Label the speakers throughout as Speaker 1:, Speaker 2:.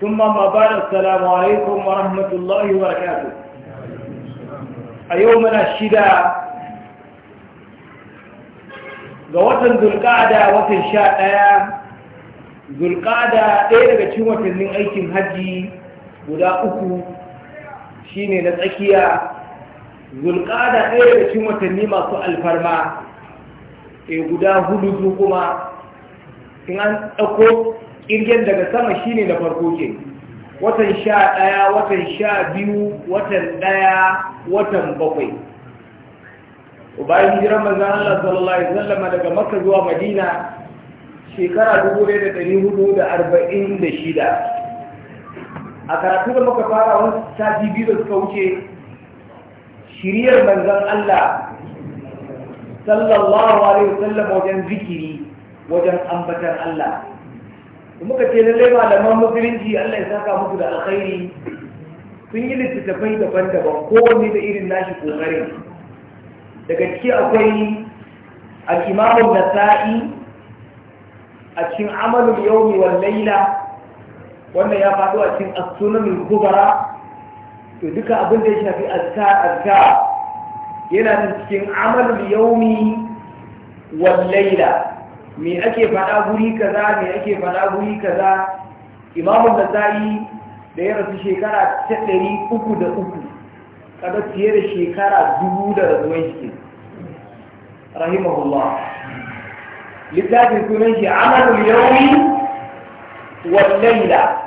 Speaker 1: ثم ما بعد السلام عليكم ورحمة الله وبركاته أيومنا الشداء قواتن ذو القعدة وطن شاء ذو القعدة إيه لك تشومة من أيكم هجي ولا أكو شيني نتأكيا ذو القعدة إيه لك تشومة نيمة سؤال فرما إيه قدا هدو ذو قما إن أن أكو kirgen daga sama shi ne da farko ke watan sha ɗaya watan sha biyu watan ɗaya watan bakwai bayan jiran manzan Allah sallallahu Alaihi wasallama daga makka zuwa madina shekara 1446 a karatu da muka fara wani sati biyu da suka wuce shiriyar manzan Allah sallallahu Alaihi wasallama wajen zikiri wajen ambatar Allah muka ce lalle malaman musulunci Allah ya saka musu da alkhairi sun yi littattafai daban-daban kowanne da irin nashi kokarin daga ciki akwai al-imamu nasa'i a cikin amalul yawmi wal laila wanda ya faɗo a cikin as-sunanul kubra to duka abin da ya shafi azkar azkar yana cikin amalul yawmi wal laila me ake faɗa guri kaza me ake faɗa guri kaza Imamu da da ya rasu shekara ta ɗari uku da kada fiye da shekara dubu da rasuwan shi rahimahullah littafin sunan shi amalul yawmi wal layla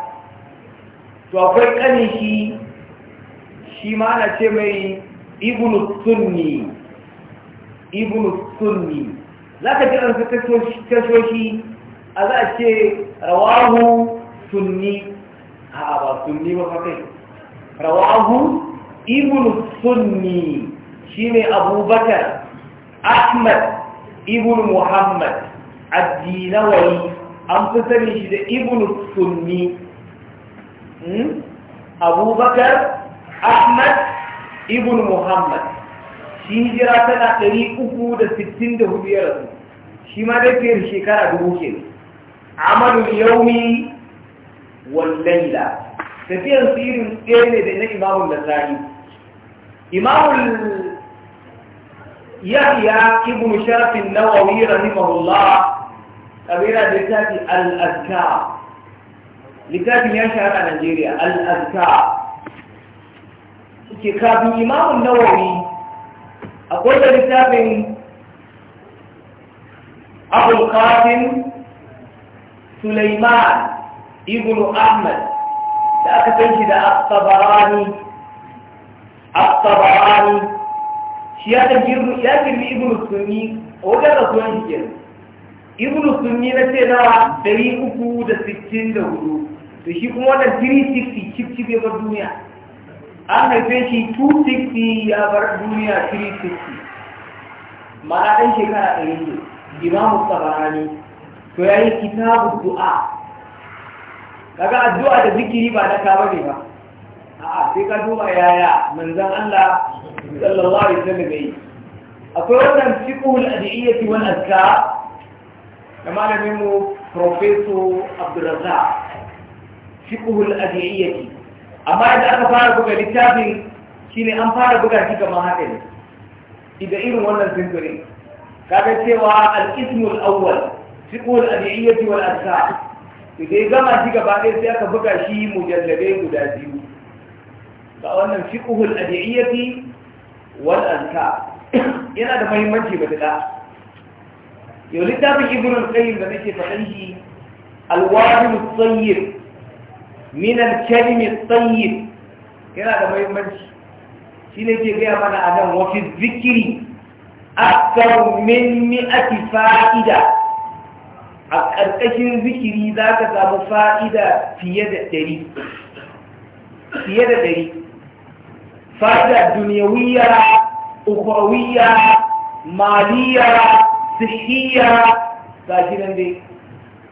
Speaker 1: to akwai kanin shi shi ma ana ce mai ibnu sunni ibnu sunni za ka ji ransu kashoshi a za a ce rawahu sunni a ba sunni ba fa kai rawahu ibn sunni ne abubakar ahmad ibn muhammad addinawai an fi sani shi da ibn sunni hmm? abubakar ahmad ibn muhammad shi hijira tana 364 ya rasu shi ma dai fiye da shekara dubu ke amalu yaumi wallaila tafiyan tafiyar sirin ɗaya ne da na imamun da Sani. imamun yahya ibn sharafin nawawi rahimahullah kabira da littafi al-azka littafin ya shahara a najeriya al suke kafin imamun nawawi akwai da littafin abul qasim sulaiman ibn ahmad da aka san shi da at-tabarani at-tabarani shi ya da girma ya girma ibn sunni wajen rasuwan shi ibn sunni na ce nawa 364 to shi kuma wannan 360 cip cip ya bar duniya an haife shi 260 ya bar duniya 360 ma'ana ɗan shekara ɗari imamu tsabarani to ya yi kitabu du'a kaga addu'a da zikiri ba na kama ne ba a'a sai ka duba yaya manzan Allah sallallahu alaihi wasallam yayi akwai wannan fiqhul adiyyati wal azkar da malamin mu professor Abdurrazzaq fiqhul adiyyati amma idan aka fara buga littafin shine an fara buga shi kamar haka ne idan irin wannan zinkirin kaga cewa al-ismul awwal fiqhul adiyyati wal azkar to dai gama shi gaba ɗaya sai aka buga shi mujalladai guda biyu ga wannan fiqhul adiyyati wal azkar yana da muhimmanci ba da yau littafin ibn al-qayyim da nake faɗan shi al-wadi al-tayyib min al-kalim al-tayyib yana da muhimmanci shine ke gaya mana a nan wa fi zikri أكثر من مئة فائدة أكثر ذكري ذاك ذاك فائدة في يد التري في يد التري فائدة دنيوية أخروية مالية صحية فاجرا دي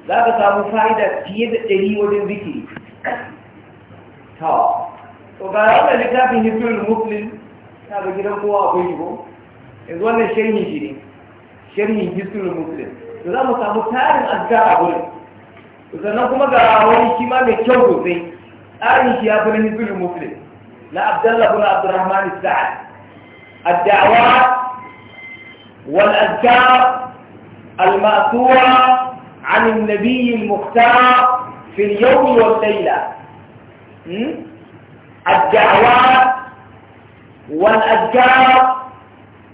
Speaker 1: ذاك ذاك فائدة في يد التري ودن ذكري ها وقال هذا لكافي نفر المسلم هذا كده هو أخيبه إذن الشيء يجري الشيء يجري المسلم إذا متابتار أزجار أقول إذا نقوم أقول أولي كما نتشوك زي أعني شيء أقول نزل المسلم لا عبد الله بن عبد الرحمن السعد الدعوات والأزجار المأثورة عن النبي المختار في اليوم والليلة الدعوات والأذكار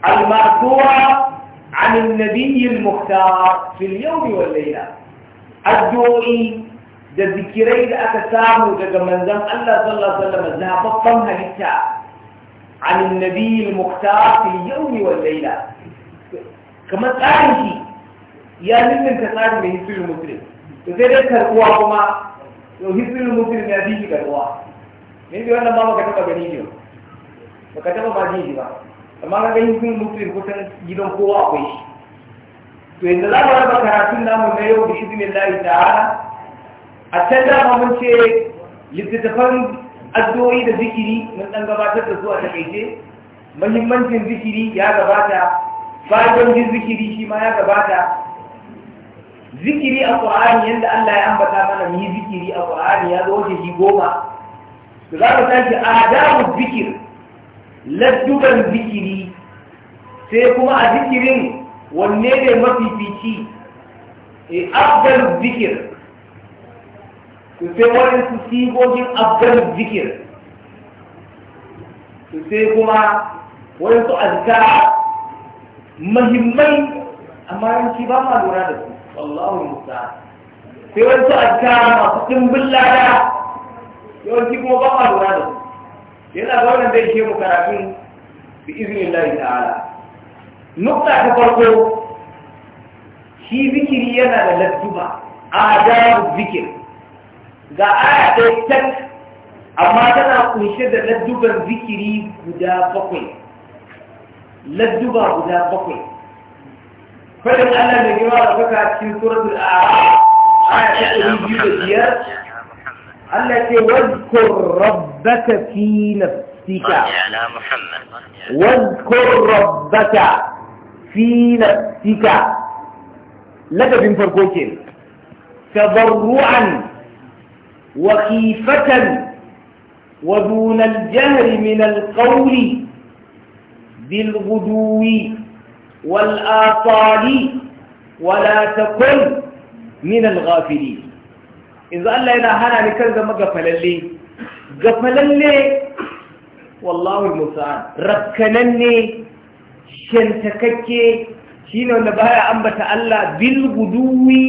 Speaker 1: المأثورة عن النبي المختار في اليوم والليلة الدوئي ذا ذكرين أكسام ذا من ذا الله صلى الله عليه وسلم ذا فطمها لتا عن النبي المختار في اليوم والليلة كما تعرفه يا من من تقارن بهسر المسلم تسير الكرقوة كما وهسر المسلم يبيه كرقوة من بيوانا ما ما كتبه بنيه ما كتبه ما جيه amma ganin ga mutu muslim kusan gidan kowa akwai shi to yadda za mu raba karatun namu na yau da izinin ta hana a can dama mun ce littattafan addu'o'i da zikiri mun dan gabatar da su a takaice mahimmancin zikiri ya gabata jin zikiri shi ma ya gabata zikiri a ƙwa'ani yadda Allah ya ambata mana mu yi zikiri a ƙwa'ani ya zo wajehi goma To za mu tashi adabu zikir Laddugan zikiri sai kuma a zikirin wanne ne mafifici e afdal zikir to sai wani su sigogin afdal zikir to sai kuma wani su azkara muhimmai amma yanki ba ma lura da su wallahu musta sai wani su azkara masu dimbin lada yawanci kuma ba ma lura da su yana da wannan zai ke mu karatun bi izinin ta'ala nukta ta farko shi zikiri yana da ladduba adabu zikir ga aya ɗaya tak amma tana kunshe da ladduban zikiri guda bakwai ladduba guda bakwai fadin Allah mai girma da kuka cikin suratul a'raf aya ta 205 التي واذكر ربك في نفسك على محمد واذكر ربك في نفسك لقد انفرقوك تضرعا وخيفة ودون الجهر من القول بالغدو والآطال ولا تكن من الغافلين yanzu Allah yana hana ni kan zama gafalalle gafalalle wallahu musa'an rakkananne shantakakke shine wanda baya ambata Allah bil guduwi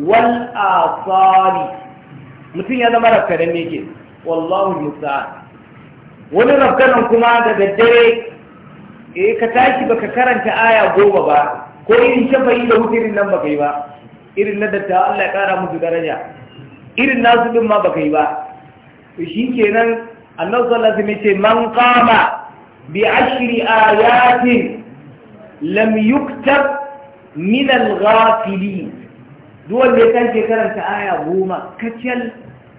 Speaker 1: wal asali mutum ya zama rakkananne ke wallahu musa'an wani rakkanan kuma da daddare eh ka tashi baka karanta aya goma ba ko irin shafayi da hutirin nan baka yi ba irin na dattawa Allah ya kara musu daraja irin nasu din ma baka yi ba to kenan annabi sallallahu alaihi wasallam ce man qama bi ashri ayatin lam yuktab min al-ghafilin duk wanda ya kan karanta aya goma kacal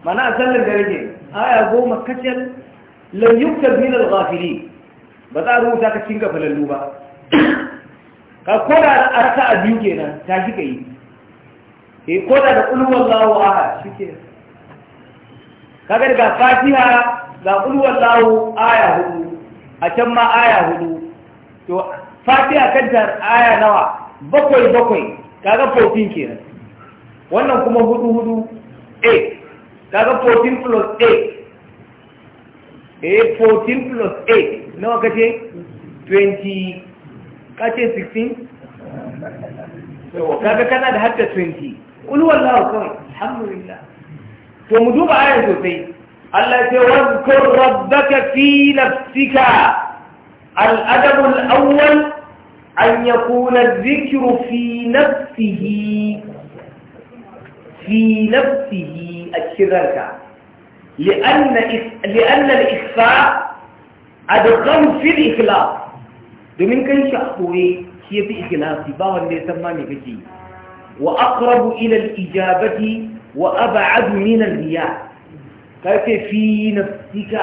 Speaker 1: mana a sallar gare ne aya goma kacal lam yuktab min al-ghafilin ba za a rubuta ka cinga falallu ba ka koda a biyu kenan tashi ka yi eh ko da kulhu wallahu ahad shike kaga daga fatiha ga kulhu wallahu aya hudu a can ma aya hudu to fatiha kanta aya nawa bakwai bakwai kaga 14 kenan wannan kuma hudu hudu 8 kaga 14 plus 8 eh 14 plus 8 nawa kace 20 kace 16 to kaga kana da hatta 20 قل هو الله أكبر الحمد لله ثم دوب آية سوتي التي واذكر ربك في نفسك الأدب الأول أن يكون الذكر في نفسه في نفسه أكذرك لأن لأن الإخفاء أدغم في الإخلاص دومين كان شخصوي شيء في إخلاصي باو اللي سماني بجي وأقرب إلى الإجابة وأبعد من الرياء كيف في نفسك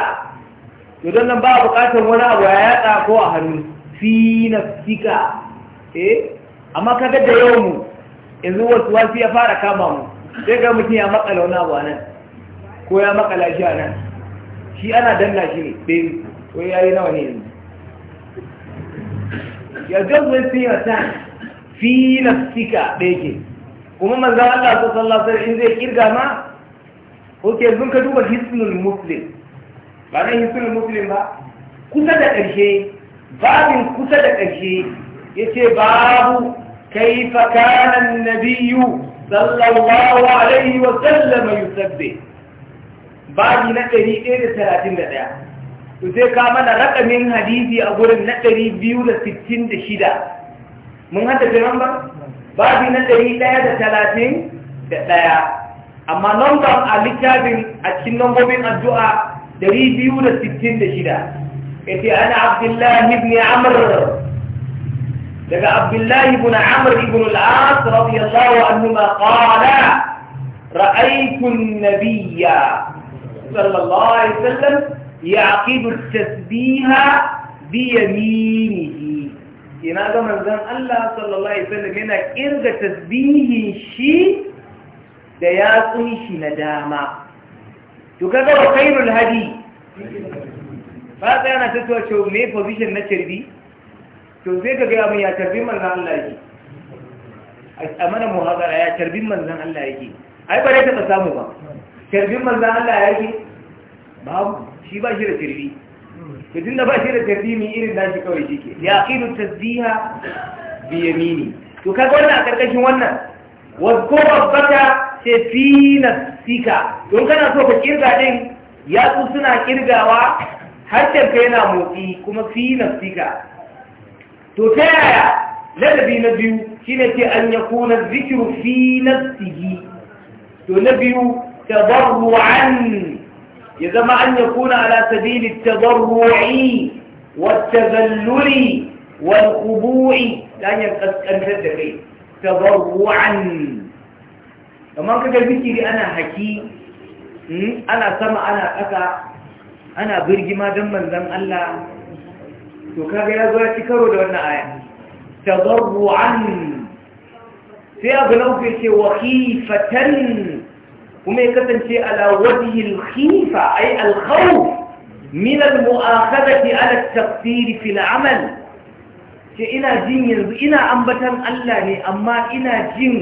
Speaker 1: يقول لنا بقى بقاتل ولا وعيات أقوى في نفسك إيه أما كذا يوم إذا هو سؤال فيها فارك أمامه daga mutum ya makala wani a nan ko ya makala shi a nan shi ana danna shi ne baby ko ya yi nawa ne yanzu you're just wasting your time fi nafsika da yake kuma manzo Allah sallallahu alaihi wasallam zai kirga ma oke zun ka duba hisnul muslim ba na hisnul muslim ba kusa da ƙarshe babin kusa da ƙarshe ya ce babu kai kaifa na biyu sallallahu alaihi wa sallama wasallam yusabbi babi na ɗari ɗaya da ɗaya Ku sai ka mana raƙamin hadisi a gurin na ɗari biyu da da sittin shida. mun haddace number babi na ɗari ɗaya da talatin da ɗaya amma number a littafin a cikin lambobin addu'a ɗari biyu da sittin da shida yace ana abdullahi ibn amr daga abdullahi ibn amr ibn al-as radiyallahu anhu ma qala ra'aytu an-nabiyya sallallahu alaihi wasallam يعقد التسبيح بيمين ina ga manzon Allah sallallahu alaihi wasallam yana kirga tasbihin shi da ya shi na dama to kaga wa khairul hadi fa ta yana tattawa cewa me position na carbi to sai ka gaya min ya tarbi manzan Allah yake a mana muhazara ya tarbi manzan Allah yake ai ba dai ka samu ba tarbi manzan Allah yake babu shi ba shi da carbi to tunda ba shi da tarbimi irin nashi kawai shi ke ya aqidu tasbiha bi yamini to kaga wannan a karkashin wannan wa ko babbata fi nafsika don kana so ka kirga din yatsu suna kirgawa harshen ka yana motsi kuma fi nafsika to ta yaya ladabi na biyu shine ce an kuna zikru fi nafsihi to na biyu tabarru'an ya zama an ya kuna ala sabili tabarru'i والتذلل والخضوع لا ينقص الدقي تضرعا kamar kaga zikiri ana haki hmm, ana sama ana ƙasa ana birgima don manzan Allah to kaga ya zo ya ci karo da wannan aya sai abu na ke ce wa khifatan kuma ya kasance ala wajihil khifa ay al khawf min al mu'akhadati ala al taqdir fi al amal ce ina jin yanzu ina ambatan Allah ne amma ina jin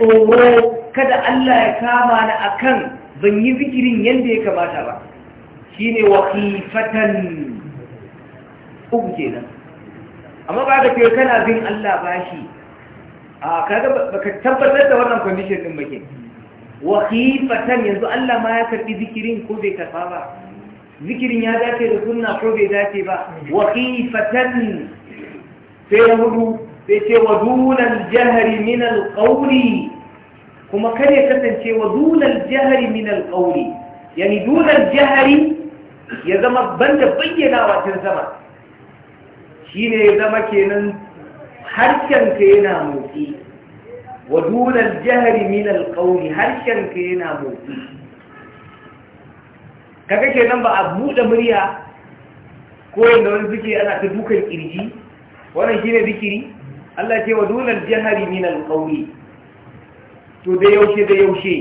Speaker 1: tsoro kada Allah ya kama ni akan ban yi zikirin yanda ya kamata ba shine wa khifatan uku kenan amma ba da kai kana bin Allah bashi a kaga baka tabbatar da wannan condition din ba kenan Wakifatan yanzu Allah ma ya karbi zikirin ko bai karba ba zikirin ya dace da sunna ko bai dace ba Wakifatan sai ya hudu sai ce wa dunan jahari min alqawli kuma kar ya kasance wa dunan jahari min alqawli yani dunan jahari ya zama banda bayyana wacin sama shine ya zama kenan harshen ka yana motsi wa dunan jihari min alƙauli harshen ka yana motsi kaga ke nan ba a buɗe murya ko yadda wani zikiri ana ta dukan ƙirji wannan shine ne zikiri Allah ce wa dunan jihari min alƙauli to da yaushe da yaushe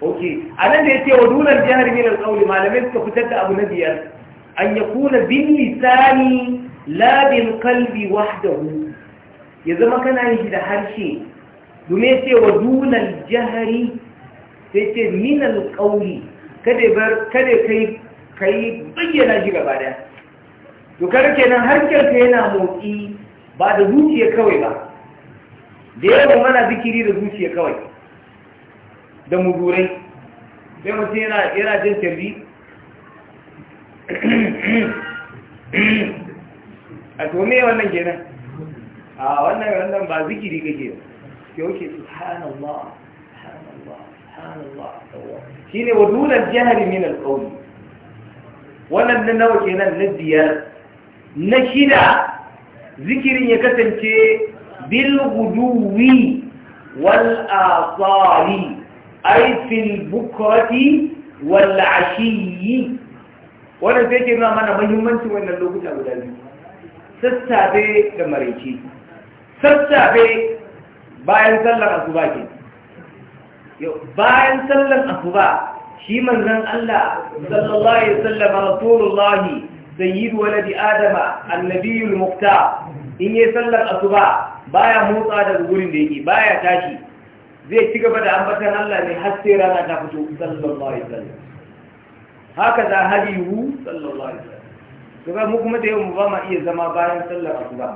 Speaker 1: ok a nan da ya ce wa dunan jihar min alƙauli malamai suka fitar da abu na biyar an ya kuna bin lisani labin kalbi wahdahu ya zama kana yin shi da harshe domin ce wa dunan jihari sai ce minan ƙauli kada ka yi bayyana shi gaba daya to kada kenan harkarka yana motsi ba da zuciya kawai ba da yawan mana zikiri da zuciya kawai da mudurai sai mutum yana jin tarbi a to me wannan kenan a wannan wannan ba zikiri kake ba yauke subhanallah subhanallah subhanallah shine wa dunar jihari min alƙauli wannan na nawa kenan na biyar na shida zikirin ya kasance bil guduwi wal asali ay fil bukrati wal wannan sai ke nuna mana muhimmancin wannan lokuta guda biyu sassafe da maraice sassafe bayan sallar asuba ke bayan sallar asuba shi manzon Allah sallallahu alaihi wasallam rasulullahi sayyidu waladi adama annabiyul Mukta in yi sallar asuba baya motsa daga gurin da yake baya tashi zai ci gaba da ambatan Allah ne har sai rana ta fito sallallahu alaihi wasallam haka za hadiyu sallallahu alaihi wasallam to kuma da yau mu ba ma iya zama bayan sallar asuba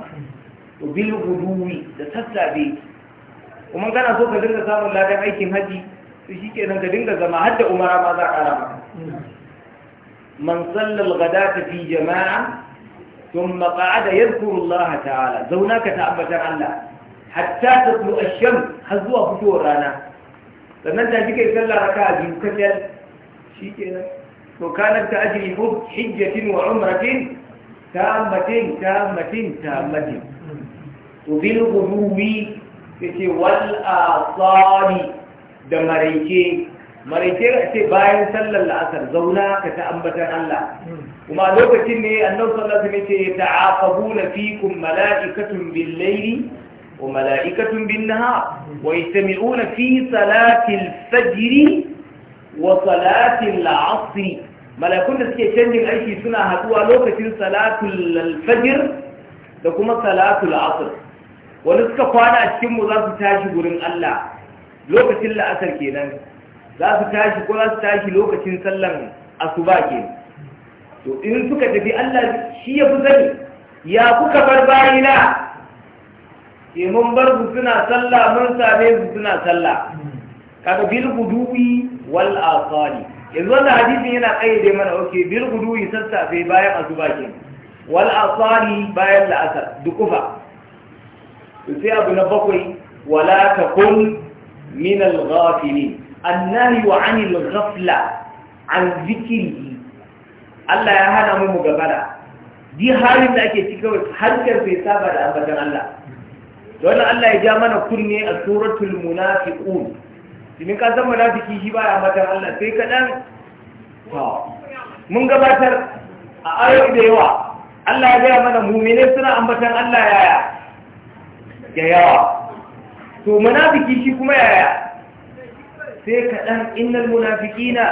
Speaker 1: to bil guduwi da sassabe kuma kana so ka dinga samun ladan aikin haji to shikenan ka dinga zama Hadda da umara ma za a ƙara maka man sallal ghadata fi jama'a ثم ta'ala. Zauna ka تعالى Allah. تأبتا ta حتى asham الشمس zuwa فتور rana. sannan ta shi kike sallah raka a biyu kacal shi ke to kanar ta ajiri hud hijjatin wa umratin tammatin tammatin tammatin to bil guduwi sai wal da maraice maraice da ce bayan sallar la'asar zauna ka ta Allah kuma lokacin ne annabi sallallahu alaihi wasallam ce ta'aqabuna fikum mala'ikatun bin layli wa mala'ikatun bin nahar wa yastami'una fi salatin al wa salatin al malakun da suke canjin aiki suna haduwa lokacin salatun fajr da kuma salatul asr wani suka kwana a cikinmu za su tashi gurin Allah lokacin la'asar kenan za su tashi ko za su tashi lokacin sallan asuba ke to in suka tafi Allah shi ya fi sani ya kuka bar bayina ke eh, mun bar su suna sallah mun same su suna sallah kaga bil guduwi wal asali yanzu wannan hadisin yana kayyade mana oke bil guduwi sassafe bayan asuba ke wal asali bayan la'asar dukufa sai abu na bakwai wala kun min al ghafili annahi wa anil ghafla an zikiri Allah ya hana mu mu gabara di harin da ake cikin harkar sai saba da ambatan Allah don Allah ya ja mana kunne a suratul munafiqun kin ka zama munafiki shi ba ambatan Allah sai ka dan to mun gabatar a ayoyi da yawa Allah ya ga mana mu'mine suna ambatan Allah yaya da yawa to munafiki shi kuma yaya sai kaɗan innal munafikina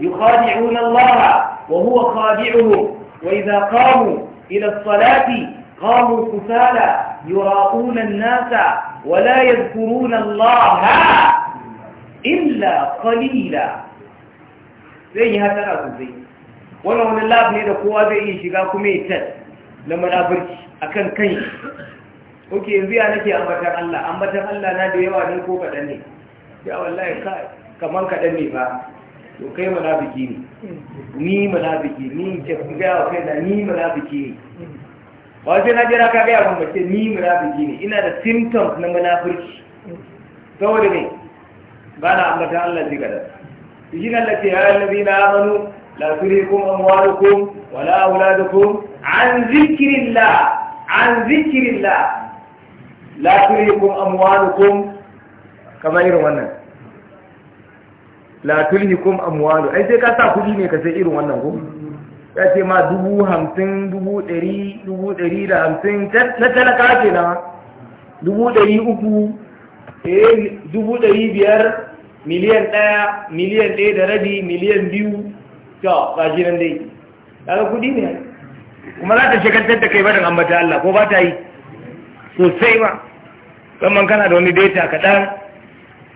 Speaker 1: yukhadi'una Allah wa huwa khadi'uhum wa idza qamu ila as-salati qamu kusala yura'una an-nasa wa la yadhkuruna Allah illa qalila zai yi hatara sosai wannan wani lab ne da kowa zai iya shiga kuma ya tas na munafurci akan kai. oke yanzu ya nake ambatan Allah ambatan Allah na da yawa ne ko kaɗan ne ya wallahi kaman kaɗan ne ba to kai munafiki ne ni munafiki ni ke gaya wa kai da ni munafiki ne ba wajen na jira ka gaya wa mace ni munafiki ne ina da symptoms na munafiki saboda ne ba na ambatan Allah ji kaɗan shi nan lafi ya yi na amanu la turikum amwalukum wala auladukum an zikirin la, an zikirin la. la tulhikum amwalukum kamar irin wannan la tulhikum amwalu ai sai ka sa kudi ne ka sai irin wannan ko ya ce ma dubu hamsin dubu ɗari dubu ɗari da hamsin na talaka ce na dubu ɗari uku eh, dubu ɗari biyar miliyan ɗaya miliyan ɗaya da rabi miliyan biyu to ba shi nan dai daga kudi ne kuma za ta shekantar da kai barin ambata Allah ko ba ta yi sosai ba Zaman kana da wani data kaɗan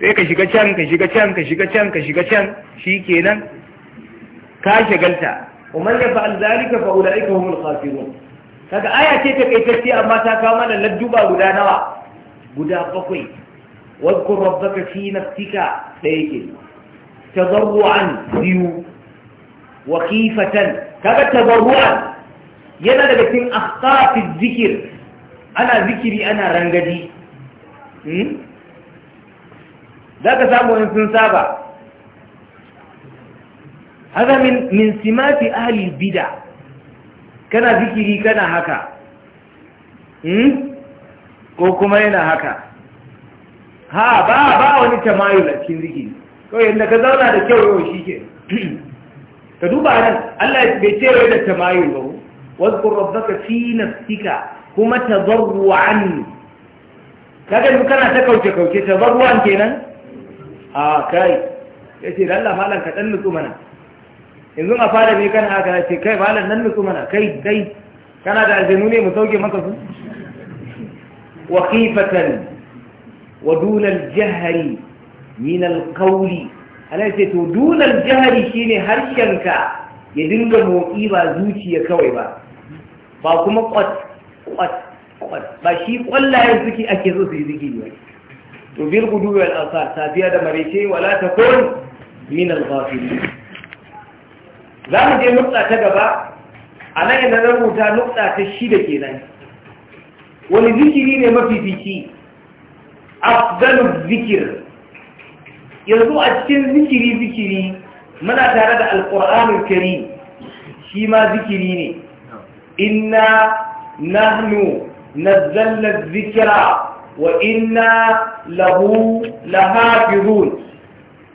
Speaker 1: sai ka shiga can ka shiga can ka shiga can ka shiga can shi kenan ka shagalta ومن يفعل ذلك فاولئك هم الخاسرون kaga aya ce ta kaitacce amma ta kawo mana ladduba guda nawa guda bakwai wadkur rabbaka fi nafsika da yake tadarruan biyu wa khifatan kaga tadarruan yana daga cikin akhtafi zikir ana zikiri ana rangadi Hmm? za ka samu wani sun saba haka min simati ahli bida kana zikiri kana haka hmm? ko kuma yana haka ha ba ba wani tamayu a cikin zikiri kawai yadda ka zauna da kyau yau shi ke ka duba nan Allah bai ce wai da tamayul ba wasu ka fi nafsika kuma ta tadarru'an kaga duk kana ta kauce kauce ta bar ruwan kenan a kai Ya ce dan Allah malam ka dan nutsu mana yanzu a fara me kana haka ce kai malam dan nutsu mana kai dai. kana da aljanu ne mu sauke maka su wa khifatan wa dun al-jahri min al-qawli Allah yace to dun al-jahri shine ka ya dinga motsi ba zuciya kawai ba ba kuma kwat kwat ba shi kwallayen suke ake so su yi zikiri ba to bil gudu wal asar safiya da marece wala ta takun min al ghafilin za mu je nukta ta gaba a nan yana rubuta nukta ta shida kenan wani zikiri ne mafi mafifici afdalu zikir yanzu a cikin zikiri zikiri muna tare da alƙur'anul kari shi ma zikiri ne inna nahnu نزلنا الذكر وإنا له لحافظون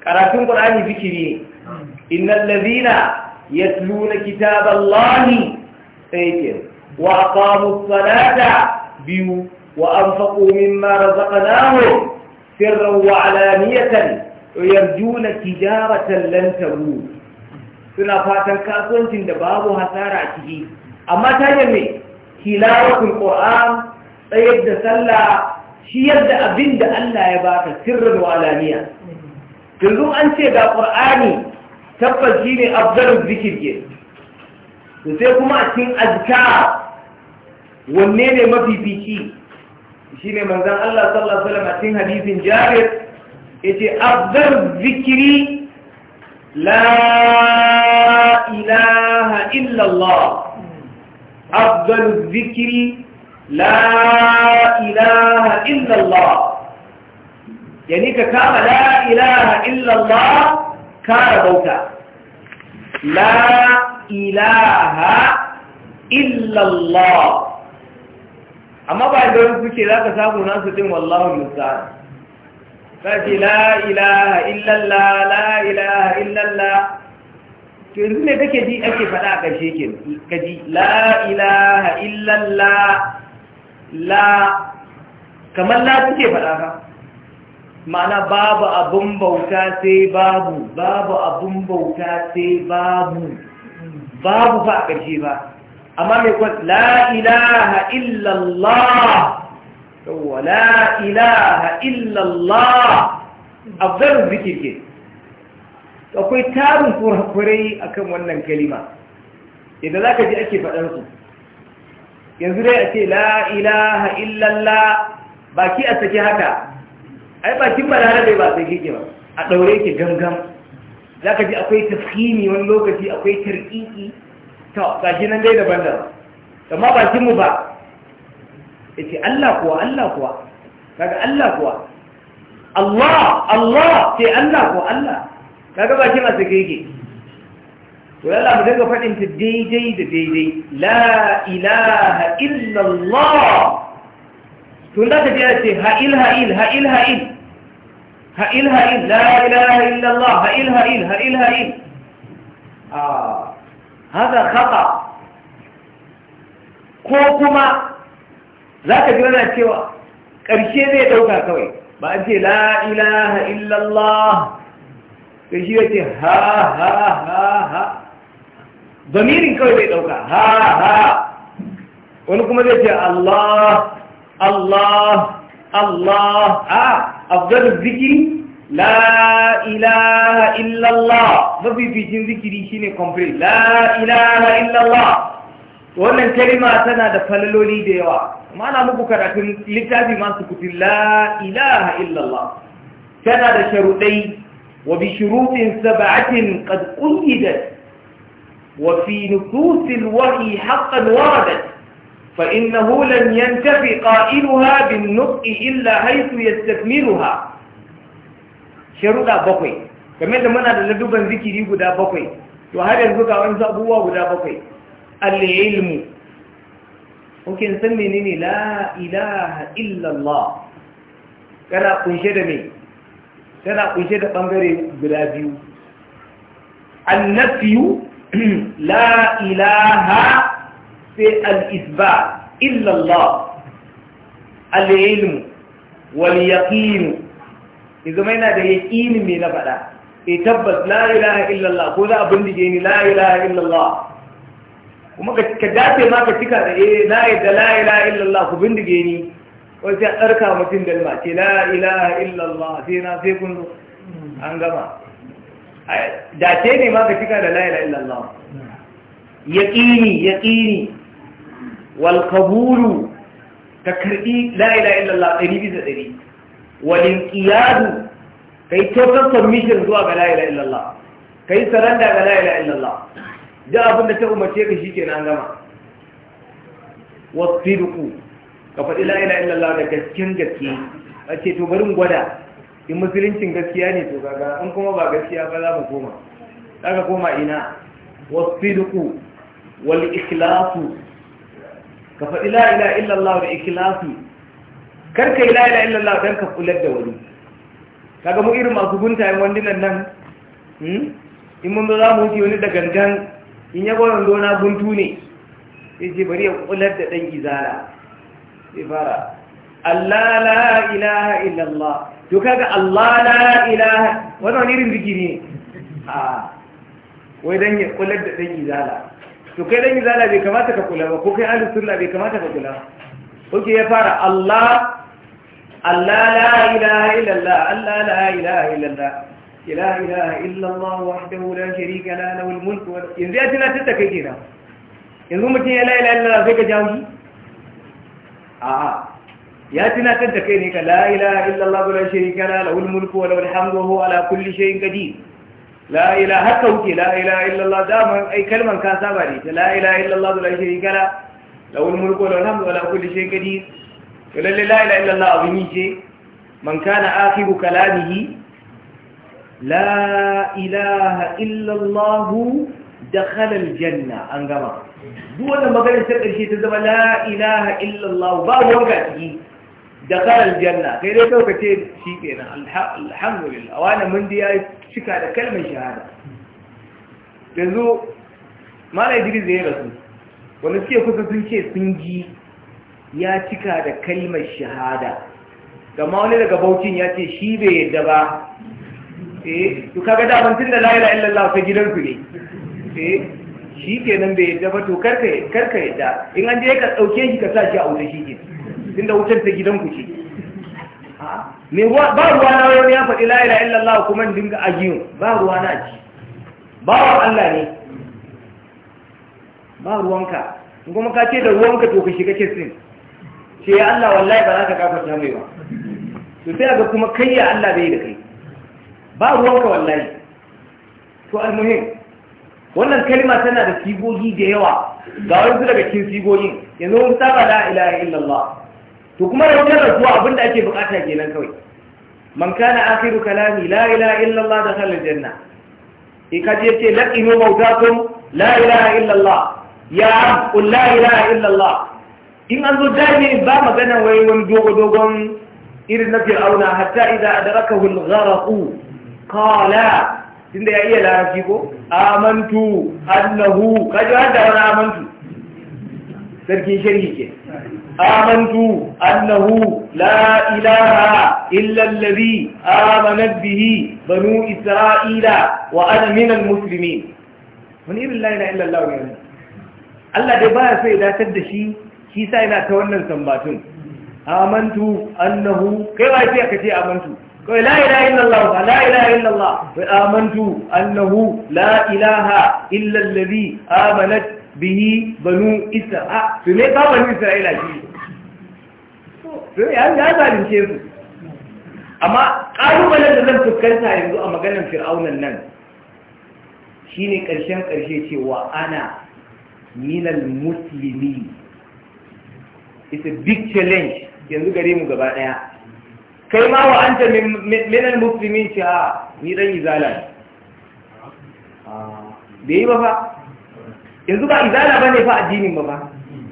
Speaker 1: قراتون قرآن ذكري إن الذين يتلون كتاب الله سيكر وأقاموا الصلاة بيو وأنفقوا مما رزقناهم سرا وعلانية ويرجون تجارة لن تبور suna fatan kasuwancin da babu hasara a ciki amma ta yi mai tilawatul qur'an tsayar da sallah shi yadda abin da Allah ya baka sirrin walaniya yanzu an ce ga qur'ani tabbas shi ne afdalul zikir ke to sai kuma a cikin azkar wanne ne fiki? shi ne manzan Allah sallallahu Alaihi wasallam a cikin hadisin jabir ya ce abdar zikiri la ilaha illallah أفضل الذكر لا إله إلا الله يعني كما لا إله إلا الله كان بوتا لا إله إلا الله أما بعد ذلك كشي لا تسابه ناس والله المستعان فأتي لا إله إلا الله لا إله إلا الله to yanzu me kake ji ake faɗa a ƙarshe ke ka ji la ilaha illallah la kamar la suke faɗa ka ma'ana babu abun bauta sai babu babu abun bauta sai babu babu fa a ƙarshe ba amma mai kwan la ilaha illallah yawwa la ilaha illallah afdalin zikir ke akwai tarin a akan wannan kalima idan za ka ji ake faɗansu yanzu dai a ce la ilaha illallah baki a sake haka ai bakin balara dai ba sai kike ba a ɗaure ke gangan za ka ji akwai tafhimi wani lokaci akwai tarƙiƙi ta gashi nan dai daban da amma bakinmu ba ya ce Allah kuwa Allah kuwa kaga Allah kuwa Allah Allah ce Allah kuwa Allah kaga bakin a sake yake to yalla mu dinga faɗin ta daidai da daidai la ilaha illallah to da ka ce ha il, ha il ha il, la ilaha illallah ha ha il il, ha il ha il. ah hada khata ko kuma zaka ji yana cewa ƙarshe zai ɗauka kawai ba an ce la ilaha illallah to shi ya ha ha ha ha zamirin kawai bai ɗauka ha ha wani kuma zai ce Allah Allah Allah a afdal zikiri la ilaha illallah mafificin zikiri shine complete la ilaha illallah wannan kalima tana da falaloli da yawa mana muku karatun littafi masu kutin la ilaha illallah tana da sharuɗai وبشروط سبعة قد قيدت وفي نفوس الوحي حقا وردت فإنه لن ينتفي قائلها بالنطق إلا حيث يستكملها شروط بقي كما تمنى لدوبا ذكري قد بقي وهذا الزكاة عن سأبوه قد بقي العلم ممكن سمينيني لا إله إلا الله كرا قنشد مين tana kunshe da bangare guda biyu annafiyu la ilaha sai al-isba illa Allah al-ilmu wal yaqin idan mai na da yaqin me na faɗa e tabbas la ilaha illa Allah ko za a bindige ni la ilaha illa Allah kuma ka dace ma ka cika da eh na yadda la ilaha illa Allah ku bindige ni wasu ɗarka tsarka mutum dalma ce la ilaha illallah sai na sai kun an gama dace ne ma ka cika da la ilaha illallah Yaƙini, yaqini wal qabulu ka karbi la bisa ɗari. 100% wal ka yi total submission zuwa ga la illallah. Ka yi saranda ga la illallah da abin da ta umarce ka shi shikenan an gama wasfiru ka faɗi na ilaha illallah da gaskiyar gaske a ce to bari gwada in musuluncin gaskiya ne to kaga in kuma ba gaskiya ba za mu koma Za ka koma ina wasidqu wal ikhlasu ka faɗi na ilaha illallah da ikhlasi kar ka yi na ilaha illallah dan ka kular da wani kaga mu irin masu yin wani nan hmm? in mun za mu wuce wani da gangan in yaba wani dona guntu ne sai ce bari ya kular da ɗan izara zai Allah la ilaha illallah to kaga Allah la ilaha wannan irin zikiri ne a wai dan ya kula da dan izala to kai dan izala bai kamata ka kula ba ko kai ahlus sunna bai kamata ka kula oke ya fara Allah Allah la ilaha illallah Allah la ilaha illallah yanzu ya tunatar da kai kenan yanzu mutum ya la ilaha illallah sai ka a'a ya tunatar da kai ne ka la ilaha illallah wa la sharika la lahul mulku wa lahul hamdu wa huwa ala kulli shay'in qadir la ilaha haka wuke la ilaha illallah da man ai kalman ka saba ne ta la ilaha illallah wa la sharika la lahul mulku wa lahul hamdu wa ala kulli shay'in qadir to lalle la ilaha illallah abin yi ce man kana akhiru kalamihi la ilaha illallah dakhala aljanna an gama duk wannan maganar ta ƙarshe ta zama la ilaha illallah ba a ciki da karar janna kai dai kawai ce shi nan alhamdulillah wani mun da ya cika da kalmar shahada yanzu mala idris ya rasu wanda suke kusa sun ce sun ji ya cika da kalmar shahada gama wani daga baucin ya ce shi bai yadda ba eh to kaga da ban tunda la ilaha illallah ta gidanku ne eh shi kenan bai yadda fato karka karka yadda in an je ka dauke shi ka sa shi a wuta shi ke tunda wutar ta gidan ku ce me ba ruwa na wani ya faɗi la ilaha illallah kuma dinga ajiyun ba ruwa na ji ba wa Allah ne ba ruwanka kuma ka ce da ruwanka to ka shiga kisin ce ya Allah wallahi ba za ka gafarta mai ba to sai ga kuma kai ya Allah bai da kai ba ruwanka wallahi to almuhim wannan kalma tana da sigogi da yawa ga wasu daga cikin sigogin yanzu wani saba la ilaha illallah to kuma rautar rasuwa abin da ake bukata kenan kawai man kana akhiru kalami la ilaha illallah da khalil janna e kaji yace laqinu mautakum la ilaha illallah ya am qul la ilaha illallah in an zo dai ba magana wai wani dogo dogon irin na fir'auna hatta idza adrakahu al-gharq qala tunda ya iya larabci ko amantu annahu kaji har da wani amantu sarkin shirki ke amantu annahu la ilaha illa amanat bihi banu isra'ila wa ana minal muslimin wani irin la ilaha illa allah ne Allah dai baya sai datar da shi shi yana ta wannan sambatun amantu annahu kai ba sai ka ce amantu kawai la ilaha illallah ba la ilaha illallah wa amantu annahu la ilaha illa allazi amanat bihi banu isra'a ah, to me ka isra'ila shi to ya ga zalunce su amma kalubalen da zan fuskanta yanzu a maganar fir'aunan nan shine ƙarshen karshe cewa ana minal muslimi it's a big challenge yanzu gare mu gaba ɗaya. kai ma wa anta min al-muslimin shi a ni dan izala ne ah, bai yi ba fa yanzu ba izala ba ne fa addinin ba ba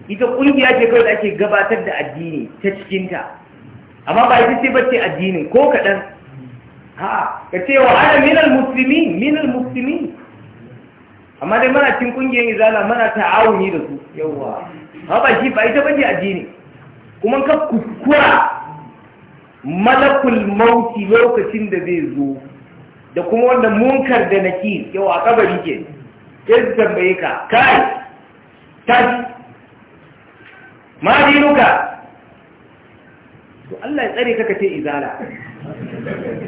Speaker 1: ita kungiya ce kawai da ake gabatar da addini ta cikinta amma ba ita ce bace addinin ko kaɗan ha ka ce wa ana minal musulmi minal musulmi amma dai mana cin kungiyar izala mana ta'awuni da su yawwa amma ba shi ba ita bace addini kuma ka kuskura malakul mauti lokacin da zai zo da kuma wanda munkar da naki yau a kabari ke sai tambaye ka kai tashi mari nuka to Allah ya tsare ka ce izala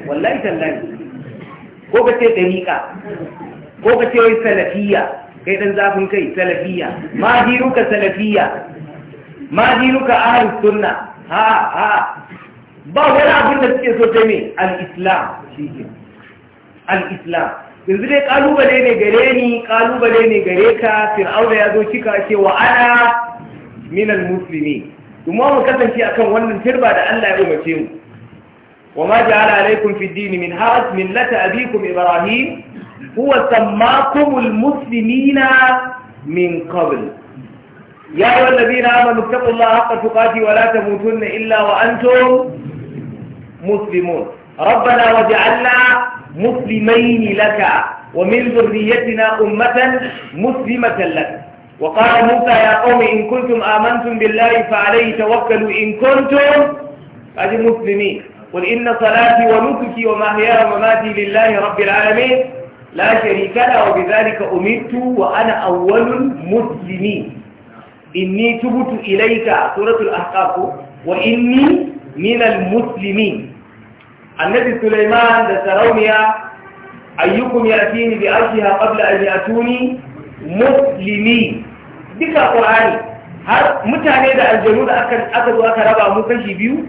Speaker 1: wallahi tallahi ko ka ce dariqa ko ka ce wai salafiya kai dan zafin kai salafiya ma dinuka salafiya ma dinuka ahlus sunna ha ha ba wani abin da suke so ta al-islam shi ke al-islam yanzu dai kalubale ne gare ni kalubale ne gare ka fir'auna ya zo kika ce wa ana minal muslimi kuma mu kasance akan wannan firba da Allah ya umarce mu wa ma ja'ala alaykum fi dini min haraj millata abikum ibrahim huwa sammakumul muslimina min qabl ya ayyuhallazina amanu taqullaha haqqa tuqatih wa la tamutunna illa wa antum مسلمون ربنا واجعلنا مسلمين لك ومن ذريتنا أمة مسلمة لك وقال موسى يا قوم إن كنتم آمنتم بالله فعليه توكلوا إن كنتم أجل مسلمين قل إن صلاتي ونسكي ومحياي ومماتي لله رب العالمين لا شريك له وبذلك أمرت وأنا أول المسلمين إني تبت إليك سورة الأحقاق وإني من المسلمين annabi Sulaiman da sarauniya ayyukum ya'tini bi arshiha qabla an ya'tuni muslimi duka qur'ani har mutane da aljanu da aka aka zo aka raba mu kashi biyu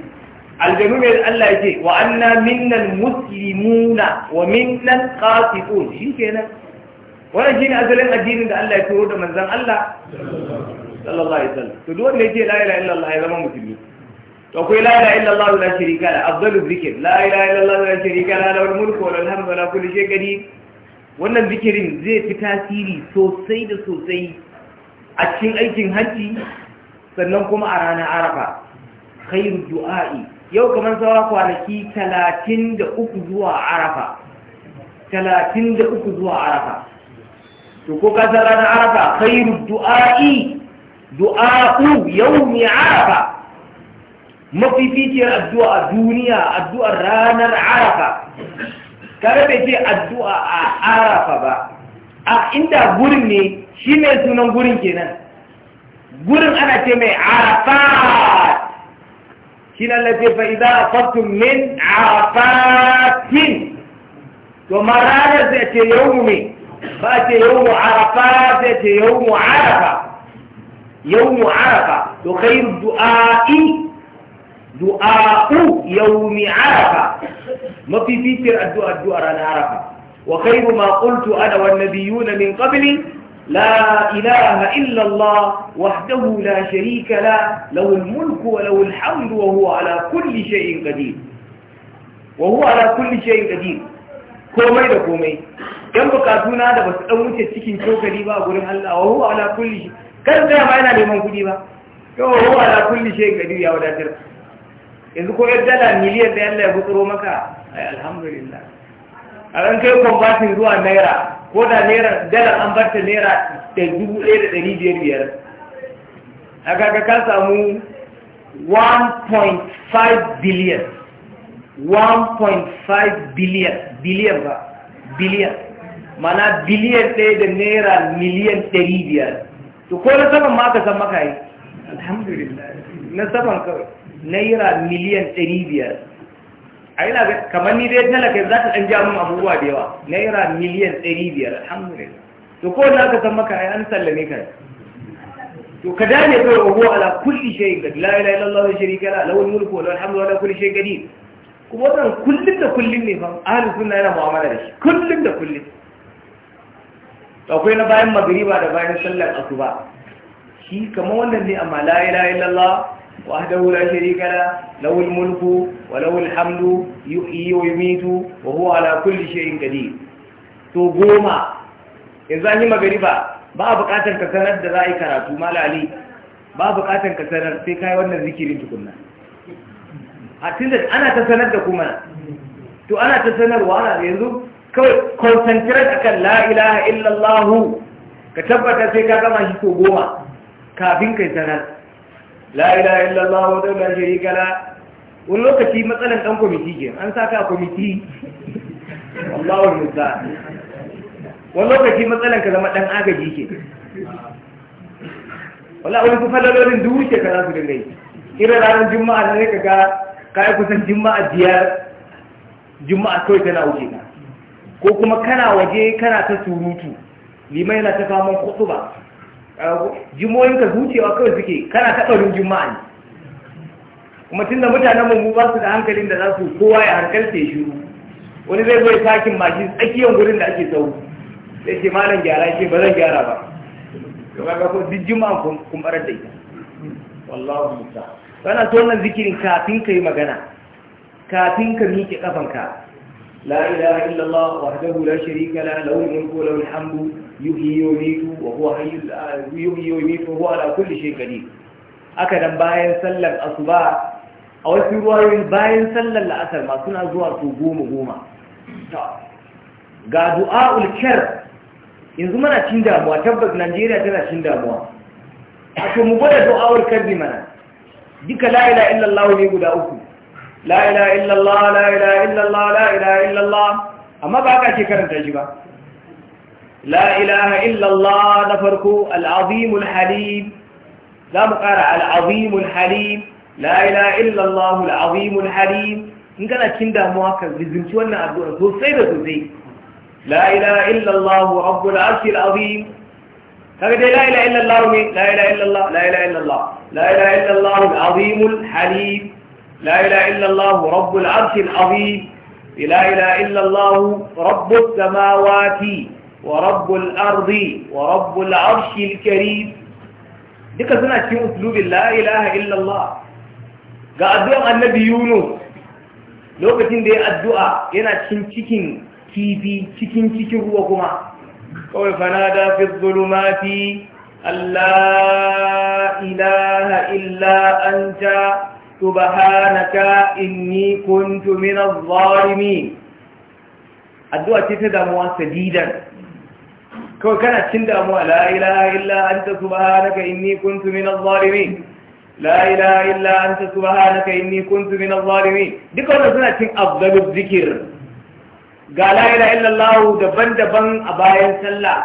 Speaker 1: aljanu mai Allah yake wa anna minnal muslimuna wa minnal qasitun shikenan wannan shine asalin addinin da Allah ya turo da manzon Allah sallallahu alaihi wasallam to duk wanda yake la ilaha illallah ya zama musulmi To akwai la ilaha illallah la sharika la afdalu zikr la ilaha illallah la sharika la lahul mulku wa lahul hamdu wa la kulli shay'in qadir wannan zikirin zai fi tasiri sosai da sosai a cikin aikin hajji sannan kuma a ranar arafa khairu du'a'i yau kamar saura kwanaki 33 zuwa arafa 33 zuwa arafa to ko ka san ranar arafa khairu du'a'i du'a'u yawmi arafa mafificiyar addu'a a duniya addu'ar ranar arafa kare bai ce addu'a a arafa ba a inda gurin ne shi mai sunan gurin kenan gurin ana ce mai arafat shi na lafi fa'iza a fattun min arafatin to ma ranar zai ce yau mu mai ba ce yau mu arafa zai ce yau mu arafa yau mu arafa to kai du'a'i du'a'u yawmi arafa mafificiyar addu'a addu'a ranar arafa wa khairu ma qultu ana wan nabiyuna min qabli la ilaha illa Allah wahdahu la sharika la lahu mulku wa lahu al-hamdu wa huwa ala kulli shay'in qadir wa huwa ala kulli shay'in qadir komai da komai yan bukatuna da basu dan wuce cikin cokali ba gurin Allah wa huwa ala kulli kan da ma yana neman kudi ba to wa huwa ala kulli shay'in qadir ya wadatar yanzu ko yadda dala miliyan da yalla ya gutsuro maka ai alhamdulillah a ran kai kwambatin zuwa naira ko da naira dalar an bar ta naira da dubu ɗaya da ɗari biyar biyar a kaga ka samu 1.5 billion 1.5 billion billion ba billion mana biliyan ɗaya da naira miliyan ɗari biyar to ko na saman ma ka san maka yi alhamdulillah na saman kawai naira miliyan 500 a yana kamar ni dai talaka za ta ɗan jamun abubuwa da yawa naira miliyan 500 alhamdulillah to ko na ka san maka an sallame ka to ka dane kai ogo ala kulli shay qad la ilaha illa allah sharika la lahu mulku wa lahu alhamdu wa lahu kulli shay qadir kuma wannan kullum da kullum ne fa ahlus sunna yana mu'amala da shi kullum da kullum akwai na bayan magariba da bayan sallar asuba shi kamar wannan ne amma la ilaha illallah وحده لا شريك له له الملك وله الحمد يحيي ويميت وهو على كل شيء قدير to goma in za yi magariba ba a bukatar ka sanar da za a yi karatu malali ba a bukatar ka sanar sai kai wannan zikirin tukunna a tunda ana ta sanar da kuma to ana ta sanarwa ana yanzu kawai concentrate akan la ilaha illallah ka tabbata sai ka gama shi ko goma kafin kai sanar la ilaha illallah wa la sharika la wani lokaci matsalan ɗan kwamiti ke an saka a kwamiti wallahu musa wani lokaci matsalan ka zama ɗan agaji ke wala wani abu lalolin duk wuce ka za su dinga yi irin ranar juma'a ne ka ga kayan kusan juma'a biyar juma'a kawai tana wuce ka ko kuma kana waje kana ta surutu liman yana ta kawo man ba jimoyin ka zuciya kawai suke kana taɓarin juma'a ne kuma tunda mutanen mu ba su da hankalin da za su kowa ya hankalce shi wani zai zai takin mashi tsakiyar gurin da ake tsawo sai ce malam gyara ce ba zan gyara ba kuma ga ko duk juma'a kun barar da ita wallahu musa kana so wannan zikirin kafin ka yi magana kafin ka miƙe kafanka لا إله إلا الله وحده لا شريك له له الملك وله الحمد يحيي ويميت وهو حي يحيي ويميت وهو على كل شيء قدير أكدا باين سلم أصبع أو في رواية باين سلم لأثر ما سنة زوار تقوم قوما ga du'a'ul kyar yanzu mana cin damuwa tabbas Najeriya tana cin damuwa a to mu gwada du'a'ul karbi mana duka la ilaha illallah ne guda uku la ilaha illallah la illallah la illallah amma ba ka ce karanta shi ba la ilaha illallah na farko al'azimul halim za mu ƙara al'azimul halim la ilaha illallah al'azimul halim in kana cikin damuwa ka rizinci wannan addu'a sosai da sosai la ilaha illallah rabbul arshil azim kaga dai la illallah ne la ilaha illallah la illallah la ilaha illallah al'azimul halim لا إله إلا الله رب العرش العظيم لا إله إلا الله رب السماوات ورب الأرض ورب العرش الكريم دي كسنا في أسلوب لا إله إلا الله قادوا النبي يونس لو كتن دي الدعاء ينا تشين كيفي تشين تشين هو كما قول فنادى في الظلمات أن لا إله إلا أنت subhanaka inni kuntu min adh-dhalimin addu'a ce ta damuwa sadidan kawai kana cin damuwa la ilaha illa anta subhanaka inni kuntu min adh-dhalimin la ilaha illa anta subhanaka inni kuntu min adh-dhalimin duka wannan suna cin afdalul zikir ga la ilaha illallah daban-daban a bayan sallah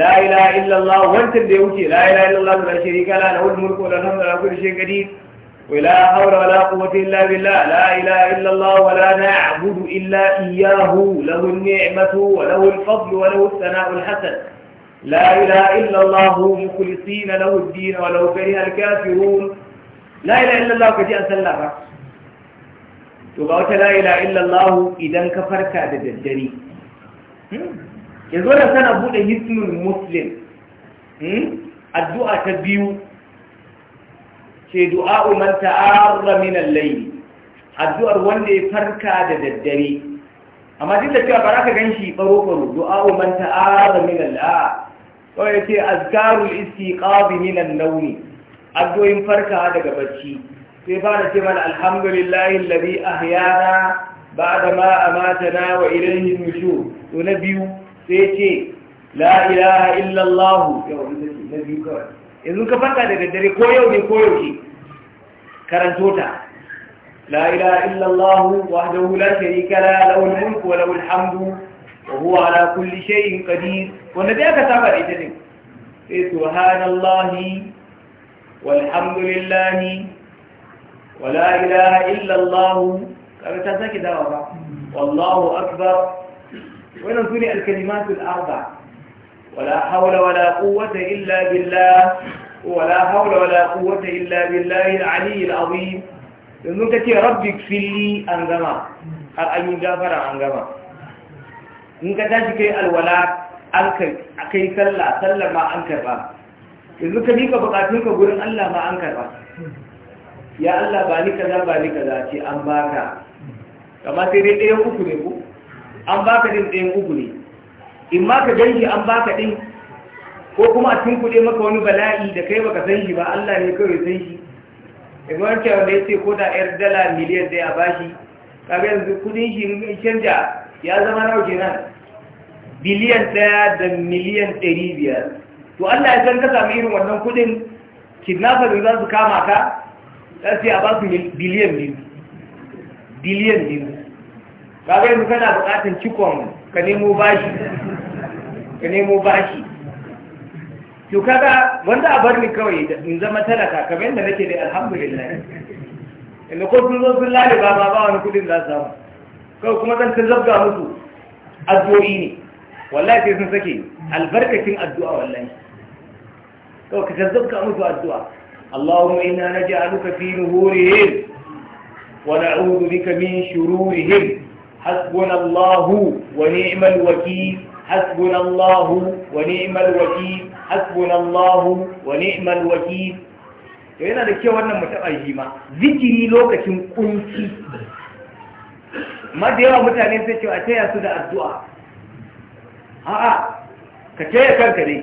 Speaker 1: la ilaha illallah wancan da ya wuce la ilaha illallah la sharika la lahul mulku wa lahul hamdu wa la kulli shay'in ولا حول ولا قوة إلا بالله لا إله إلا الله ولا نعبد إلا إياه له النعمة وله الفضل وله الثناء الحسن لا إله إلا الله مخلصين له الدين ولو كره الكافرون لا إله إلا الله كجي أسلم تبعوت لا إله إلا الله إذا كفرك دجري يقول سنة بود هسم المسلم الدعاء تبيو ce du'a'u man ta'arra min al-layl addu'ar wanda ya farka da daddare amma duk da cewa baraka ganshi faro-faro. du'a'u man ta'arra min al-la ko yace azkarul istiqab min an-nawm addu'in farka daga bacci sai fara ce mana alhamdulillahi alladhi ahyana ba'da ma amatana wa ilayhi nushur to na biyu sai ce la ilaha illa allah yau na biyu kawai yanzu ka farka daga dare ko yau ne ko yaushe karanto ta la ilaha illallah wahdahu al wa hamdu wa huwa ala kulli shay'in qadir wanda dai aka saba da ita ne sai subhanallahi walhamdulillahi wa la ilaha ta saki dawa ba wallahu akbar wannan arba'a ولا حول ولا قوة إلا بالله ولا حول ولا قوة إلا بالله العلي العظيم ka ce rabbi fili an gama har an yi gafara an gama in ka tashi kai alwala an kai sallah sallah ma an karba yanzu ka nika bukatunka gurin Allah ma an karba ya Allah ba kaza ba kaza ce an sai dai ɗayan uku ne ku an baka din ɗayan uku ne in ma ka ganshi an baka ɗin ko kuma a tunkuɗe maka wani bala'i da kai ba san shi ba Allah ne kawai san shi ibn cewa da yace ko da yar dala miliyan da ya bashi kaga yanzu kudin shi in canja ya zama nawa nan, biliyan ɗaya da miliyan ɗari biyar to Allah ya san ka samu irin wannan kudin kidnappers za su kama ka za su yi a ba su biliyan biyu biliyan biyu kaga yanzu kana buƙatar cikon ka nemo bashi ka nemo bashi to kaga wanda a barni ni kawai in zama talaka kamar yadda nake dai alhamdulillah inda ko sun zo sun lale ba ba wani kudin za su samu kawai kuma zan ta zabga musu addu'o'i ne wallahi sai sun sake albarkacin addu'a wallahi kawai ka zabga musu addu'a Allahumma inna naj'aluka fi nuhurihim wa na'udhu bika min shururihim hasbunallahu wa ni'mal wakeel حسبنا الله ونعم الوكيل حسبنا الله ونعم الوكيل to yana da kyau wannan mutum shi ma zikiri lokacin kunci amma da yawa mutane sai ce a taya su da addu'a a'a ka taya kanka ne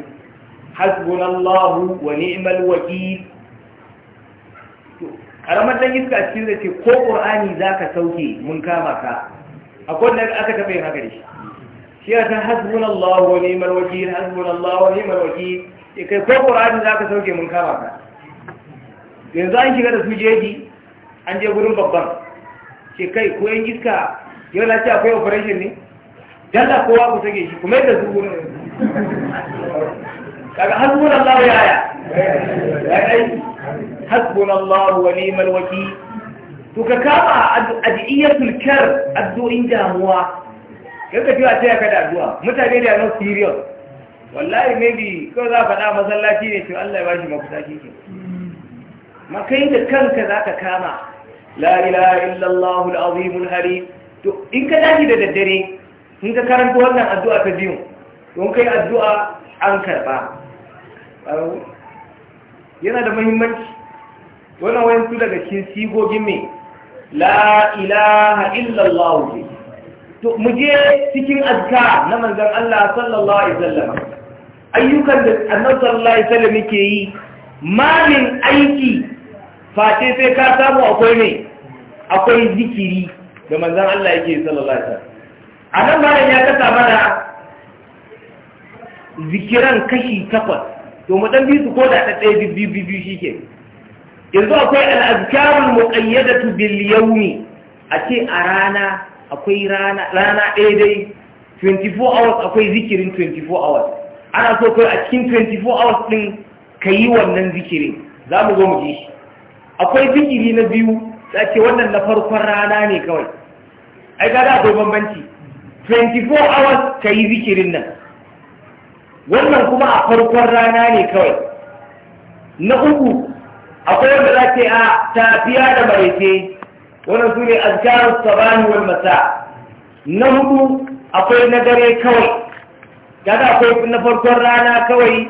Speaker 1: hasbunallahu wa ni'mal wakil karamar dan iska cikin da ce ko qur'ani zaka sauke mun kama ka akwai da aka taɓa yin haka da shi shi ya ta hasbun Allah wa ni'mal wakil hasbun Allah wa ni'mal wakil kai ko Qur'ani zaka sauke mun kama ka yanzu an shiga da su jeji an je gurin babban ce kai ko yan iska yau na ce akwai operation ne dalla kowa ku sake shi kuma yadda su gurin kaga hasbun Allah ya yaya? aya hasbun Allah wa ni'mal wakil to ka kama adiyatul kar addu'in damuwa in ka a taya ka da addu'a mutane da no serious wallahi maybe ko za ka da masallaci ne to Allah ya bashi mafita kike ma kai da kanka za ka kama la ilaha illallah al to in ka tashi da daddare in ka karanta wannan addu'a ta biyu don kai addu'a an karba yana da muhimmanci wannan wayan su daga cikin sigogin me la ilaha illallah ne to mu je cikin azka na manzon Allah sallallahu alaihi wasallam ayyukan da annabi sallallahu alaihi wasallam yake yi malin aiki face sai ka samu akwai ne akwai zikiri da manzon Allah yake sallallahu alaihi wasallam
Speaker 2: anan bayan ya kasa mana
Speaker 1: zikiran kashi takwas to mu dan bi su ko da ɗaya bi bi shi ke yanzu akwai al-azkarul muqayyadatu bil yawmi a ce a rana akwai rana rana ɗaya dai 24 hours akwai zikirin 24 hours ana so kai a cikin 24 hours ɗin ka yi wannan zikirin za mu zo mu ji shi akwai zikiri na biyu za ce wannan na farkon rana ne kawai ai ga akwai bambanci 24 hours ka yi zikirin nan wannan kuma a farkon rana ne kawai na uku akwai wanda za ce a tafiya da maraice wannan su ne azkaru sabani wal masa na hudu akwai na dare kawai kaga akwai na farkon rana kawai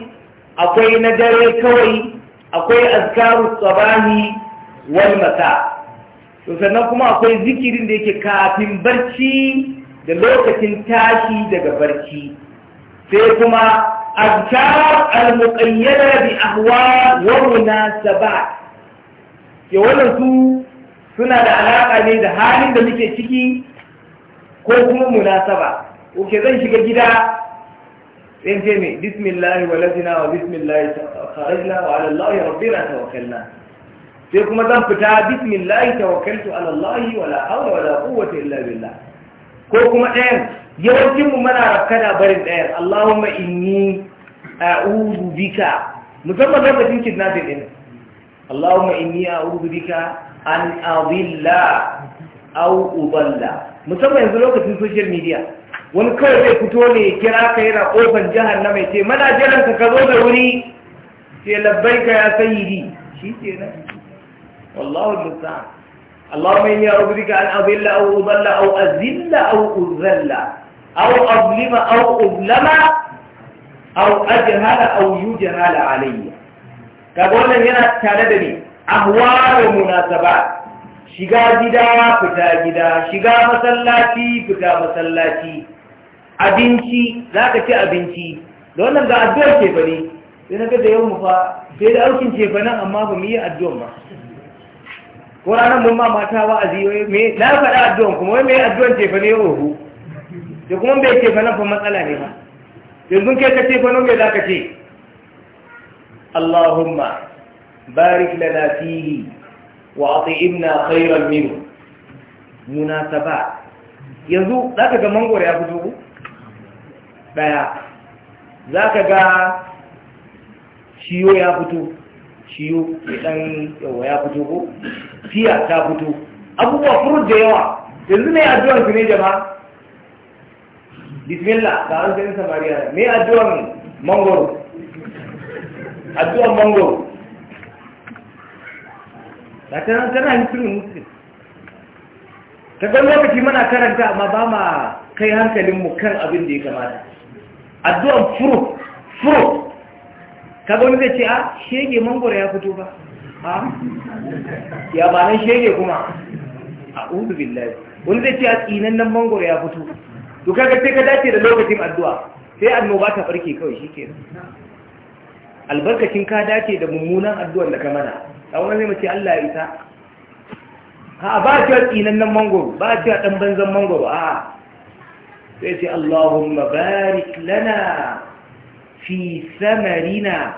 Speaker 1: akwai na dare kawai akwai azkaru sabani wal masa to sannan kuma akwai zikirin da yake kafin barci da lokacin tashi daga barci sai kuma azkar al-muqayyada bi ahwa wa munasabat ke wannan su suna da alaƙa ne da halin da muke ciki ko kuma munasaba oke zan shiga gida sai ce bismillah bismillahi lafina wa bismillahi kharajna wa ya rabbi na tawakkalna sai kuma zan fita bismillahi tawakkaltu ala allahi wa la hawla wa la quwwata illa billah ko kuma ɗayan yawancin mu muna rafkana barin ɗayan allahumma inni a'udhu bika musamman lokacin kidnapping din allahumma inni a'udhu bika an awilla au uballa musamman yanzu lokacin social media wani kawai zai fito ne kira ka yana ofan jihar na mai ce mana jiran ka ka zo da wuri ce labbai ka ya sayyidi shi ke na. wallahu musa Allah mai ya rubu ka an azilla au uballa au azilla au uzalla au azlima au uzlama au ajhala au yujhala alayya kaga wannan yana tare da ni ahwa da munasaba shiga gida fita gida shiga masallaci fita masallaci abinci za ka ci abinci da wannan ga addu'ar ce sai na gada yau mu fa sai da aukin ce amma ba mu yi addu'ar ba ko ranar mun ma mata wa azi me na faɗa addu'ar kuma wai mai addu'ar ce bane oho da kuma bai ce fa matsala ne ba yanzu kai ka ce me za ka ce Allahumma barik lana fihi wa ati'imna khairan minhu munasaba yanzu zaka ga mangoro ya fito daya zaka ga shiyo ya fito shiyo dan yawa ya fito ko fiya ta fito abubuwa furut da yawa yanzu ne addu'ar ku ne jama'a bismillah ga an sanin samariya ne addu'ar mangoro addu'ar mangoro ga ta tana hisirin muslim ta ɗan lokaci mana karanta amma ba ma kai hankalinmu kan abin da ya kamata addu'an furo furo ka wani zai ce a ah, shege mangoro ya fito ba a ah, ya ba nan shege kuma a udu billahi wani zai ce a ah, nan mangoro ya fito to kaga sai ka dace da lokacin addu'a sai annoba ta barke kawai shi ke albarkacin ka dace da mummunan addu'ar da ka mana a wani zai mace Allah ya isa ha ba cewa tsinannan mangoro ba cewa ɗan banzan mangoro a sai ce Allahumma barik lana fi samarina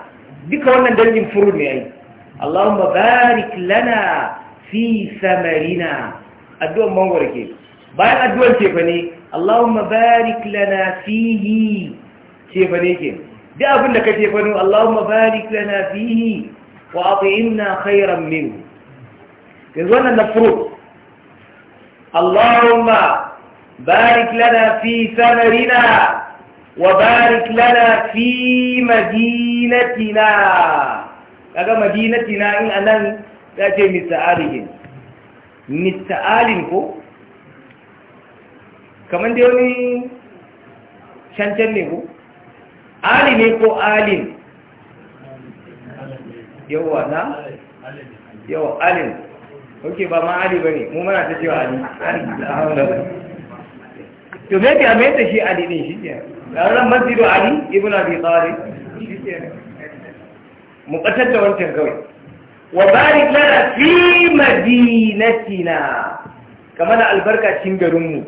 Speaker 1: duka wannan dangin furu ne ya yi. Allahumma barik lana fi samarina addu'an mangoro ke bayan addu'an ce fa ne Allahumma barik lana fihi ce fa ne ke duk abin da ka ce fa ne Allahumma barik lana fihi wa atimna khairan min yanzu wannan na furo Allahumma barik lana fi samarina wa barik lana fi madinatina kaga madinatina in anan ta ce mista'alihin mista'alin ko kamar da wani cancan ne ko ali ko alin yawa na yawa alin ok ba ma ali ba ne mu mana ta cewa ali to me ta mai ta shi ali ne shi ke ran masjidu ali ibn abi talib shi ke mu katar da wancan kawai wa barik lana fi madinatina kamar albarka cikin garinmu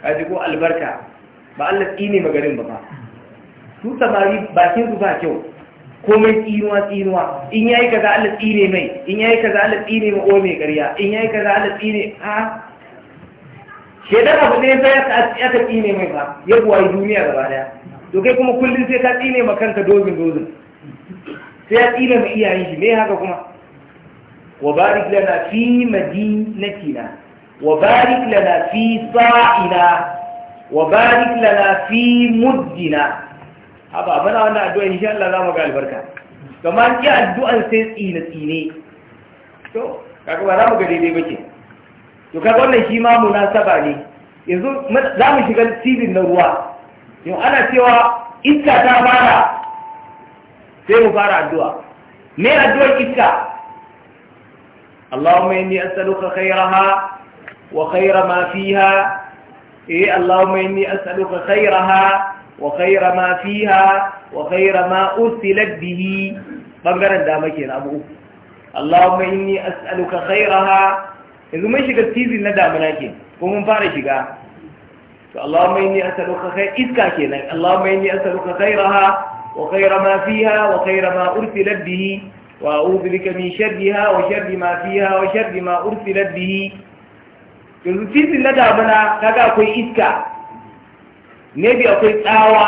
Speaker 1: kaji ko albarka ba Allah tsine magarin ba ba su samari bakin su ba kyau komai tsinuwa tsinuwa in yayi kaza Allah tsine mai in yayi kaza Allah tsine ma o mai ƙarya in yayi kaza Allah tsine a shedan abu ne sai ya ka tsine mai ba ya buwayi duniya gaba daya to kai kuma kullum sai ka tsine ma kanka dozin dozin sai ya tsine ma iyayen shi me haka kuma wa barik lana fi madinatina wa barik lana fi sa'ina wa barik lana fi muddina haba bana wannan addu'a insha Allah za mu ga albarka kuma an yi addu'an sai tsine tsine to kaga ba za mu ga daidai ba ke to kaga wannan shi ma saba ne yanzu za mu shiga sibin na ruwa yau ana cewa iska ta fara sai mu fara addu'a me addu'ar iska اللهم إني أسألك خيرها وخير ما فيها إيه an إني أسألك ha. wa khaira ma fiha wa khaira ma usilat bihi bangaren da muke na abu Allahumma inni as'aluka khairaha yanzu mun shiga season na damuna mun fara shiga to Allahumma inni as'aluka khair iska kenan Allahumma inni as'aluka khairaha wa khaira ma fiha wa khaira ma ursilat bihi wa a'udhu bika kaga akwai iska maybe akwai tsawa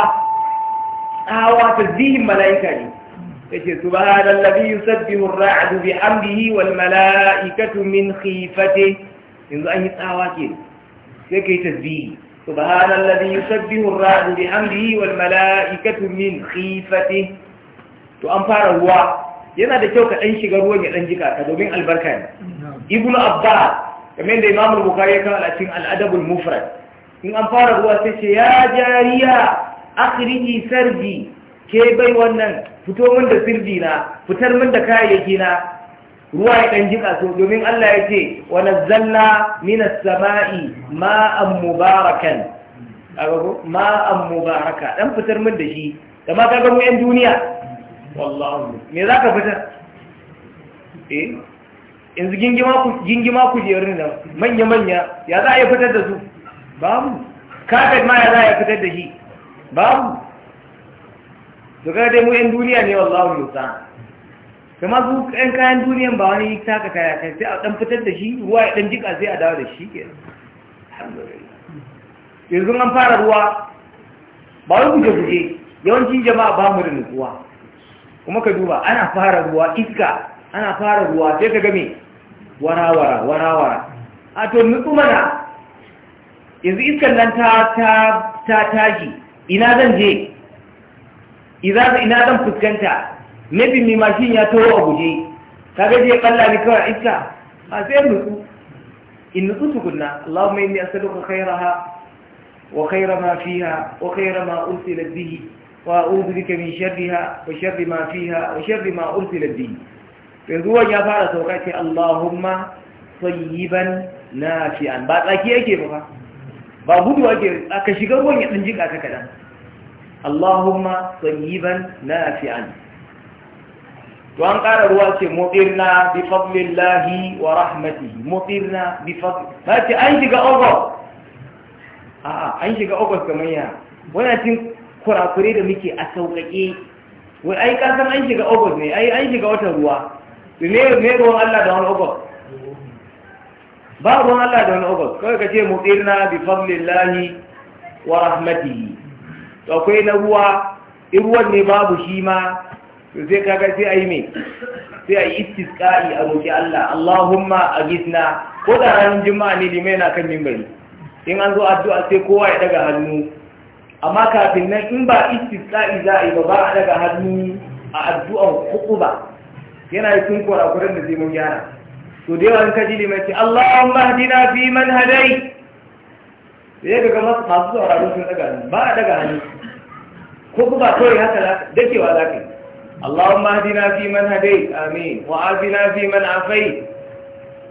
Speaker 1: tsawa ta zihin mala'ika ne yace subhanal ladhi yusabbihu ar-ra'du bi bihi wal mala'ikatu min khifati yanzu an yi tsawa ke sai kai tasbihi subhanal ladhi hurra ar-ra'du bi bihi wal mala'ikatu min khifati to an fara ruwa yana da kyau ka dan shiga ruwan ya ɗan jika ka domin albarka ne ibnu abbas kamar da imam al ya kawo a cikin al-adab al-mufrad in an fara ruwa sai ce ya jariya akhriji sarji ke bai wannan fito min da sirji na fitar min da kayayyaki na ruwa ya ɗan jika so domin Allah ya ce wani zalla minas sama'i ma'an mubarakan ma'an mubaraka ɗan fitar min da shi da ma ga mu duniya wallahu. me ka fitar eh yanzu gingima ku gingima nan manya manya ya za a yi fitar da su babu kafet ma ya za ya fitar da shi babu to kada dai mu yan duniya ne wallahu yusa kuma su yan kayan duniyan ba wani taka kaya kai sai a dan fitar da shi ruwa ya dan jika sai a dawo da shi ke alhamdulillah yanzu an fara ruwa ba wani guje guje yawancin jama'a ba mu da nutsuwa kuma ka duba ana fara ruwa iska ana fara ruwa sai ka ga me warawara warawara a to nutsu mana yanzu iskar nan ta ta tashi ina zan je ina zan fuskanta maybe mai mashin ya taho a guje ka gaje kalla ni kawai iska ba sai nutsu in nutsu tukunna Allahumma inni kaira ha, wa kaira ma fi ha, wa kaira ma ursilat bihi wa a'udhu bika min ha, wa sharri ma fi ha, wa sharri ma ursilat bihi yanzu wani ya fara sauka ce Allahumma fi an ba tsaki yake ba ba gudu ake aka shiga ruwan ya ɗan jika ka kaɗan Allahumma tsayiban nafi'an to an ƙara ruwa ce mutirna bi fadlillahi wa rahmatihi mutirna bi fadli ta ce an shiga ogos a'a an shiga ogos kamar ya wani cin kurakure da muke a sauƙaƙe wai ai kasan an shiga ogos ne ai an shiga wata ruwa me ruwan Allah da wani ogos ba ruwan Allah da wani ogos kawai ka ce mutsirna bi lahi wa rahmatihi to akwai na ruwa in ne babu shi ma to sai kaga sai ayi me sai ayi istisqa'i a roki Allah Allahumma aghithna ko da ran juma'a ne limai na kan mimbari in an zo addu'a sai kowa ya daga hannu amma kafin nan in ba istisqa'i za a yi ba ba a daga hannu a addu'an ba. yana yi sun kuren da zai mun gyara to da yawan kaji mai ce Allahumma hadina fi man hadai sai daga masu masu sauraron sun daga hannu ba a daga hannu ko kuma kawai haka dakewa za ka yi Allahumma hadina fi man hadai amin wa afina fi man afai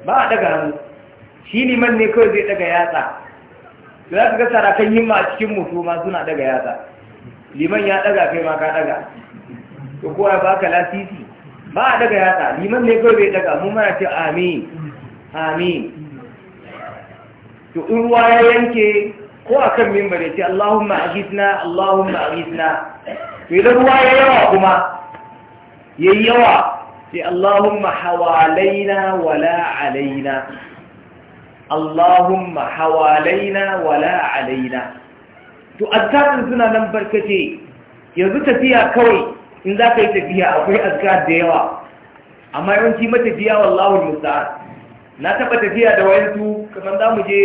Speaker 1: ba a daga hannu shi liman ne kawai zai daga yatsa za ka ga sarakan himma a cikin mutu ma suna daga yatsa liman ya daga kai ma ka daga to kowa ba ka lasisi ba a daga yatsa liman ne kawai bai daga mu mana ce amin amin to in ruwa ya yanke ko a kan mimbar ya ce Allahumma aghithna Allahumma aghithna to idan ruwa ya yawa kuma ya yawa sai Allahumma hawalaina wala alaina Allahumma hawalaina wala alaina to azkarin suna nan barkace yanzu tafiya kawai in za ka yi tafiya akwai azkar da yawa amma yawanci matafiya wallahu musta'an na taɓa tafiya da wayansu kamar za mu je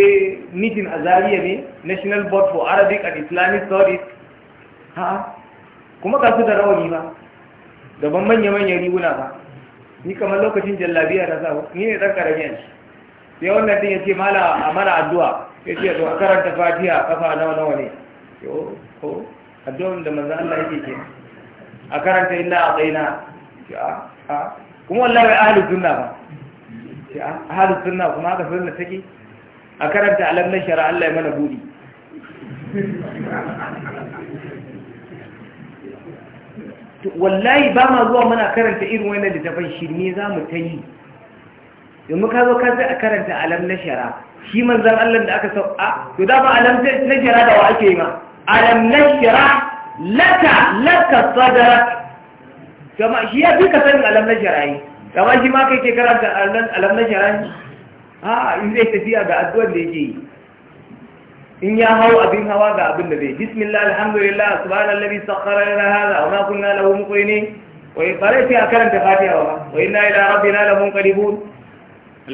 Speaker 1: meeting a Zariya ne national board for arabic and islamic studies ha kuma ka da rawani ba gaban manya-manyan riguna ba ni kamar lokacin jallabiya na sa ni ne ɗan ƙarami a sai wannan din ya ce mala a mana addu'a ya ce to a karanta fatiha kafa nawa nawa ne yau ko addu'a da manzan Allah yake kenan a karanta illa a tsaina kuma wallahi ahalus sunna ba ahalus sunna kuma haka sunna take a karanta alam na shara Allah ya mana budi wallahi ba ma zuwa muna karanta irin wani littafin shirme za mu ta yi yanzu muka zo ka sai a karanta alam na shara shi manzan Allah da aka sau a to da ba alam na shara da wa ake yi ma alam na shara laka laka sadara kama shi ya fi ka alam na shara'i kama shi ma kai ke karanta alam na shara'i a in zai tafiya ga addu'ar da yake yi in ya hau abin hawa ga abin da zai bismillah alhamdulillah subhanallazi sakhkhara lana hadha wa ma kunna lahu muqrinin wai fara fi a karanta fatiya wa wa na ila rabbina lamunqalibun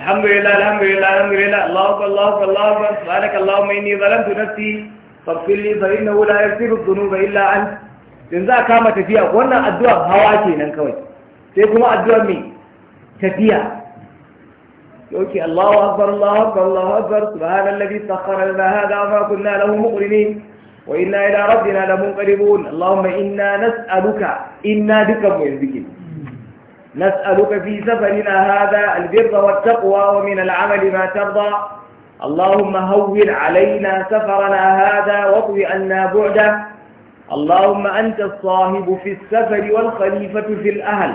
Speaker 1: alhamdulillah alhamdulillah alhamdulillah allahu akbar allahu akbar subhanaka allahumma inni zalamtu nafsi faffili zai na wula ya siru zunu bai illa an in za a kama tafiya wannan addu'a hawa ke nan kawai sai kuma addu'a mai tafiya yauki allahu akbar allahu akbar allahu akbar subhanan labi sakhara da hada ma kunna lahu mukrini wa inna ila rabbina la munqalibun allahumma inna nas'aluka inna bika mu'minun nas'aluka fi safarina hada albirra wat taqwa wa min al'amali ma tarda اللهم هول علينا سفرنا هذا واطوئ عنا بعده اللهم انت الصاحب في السفر والخليفه في الاهل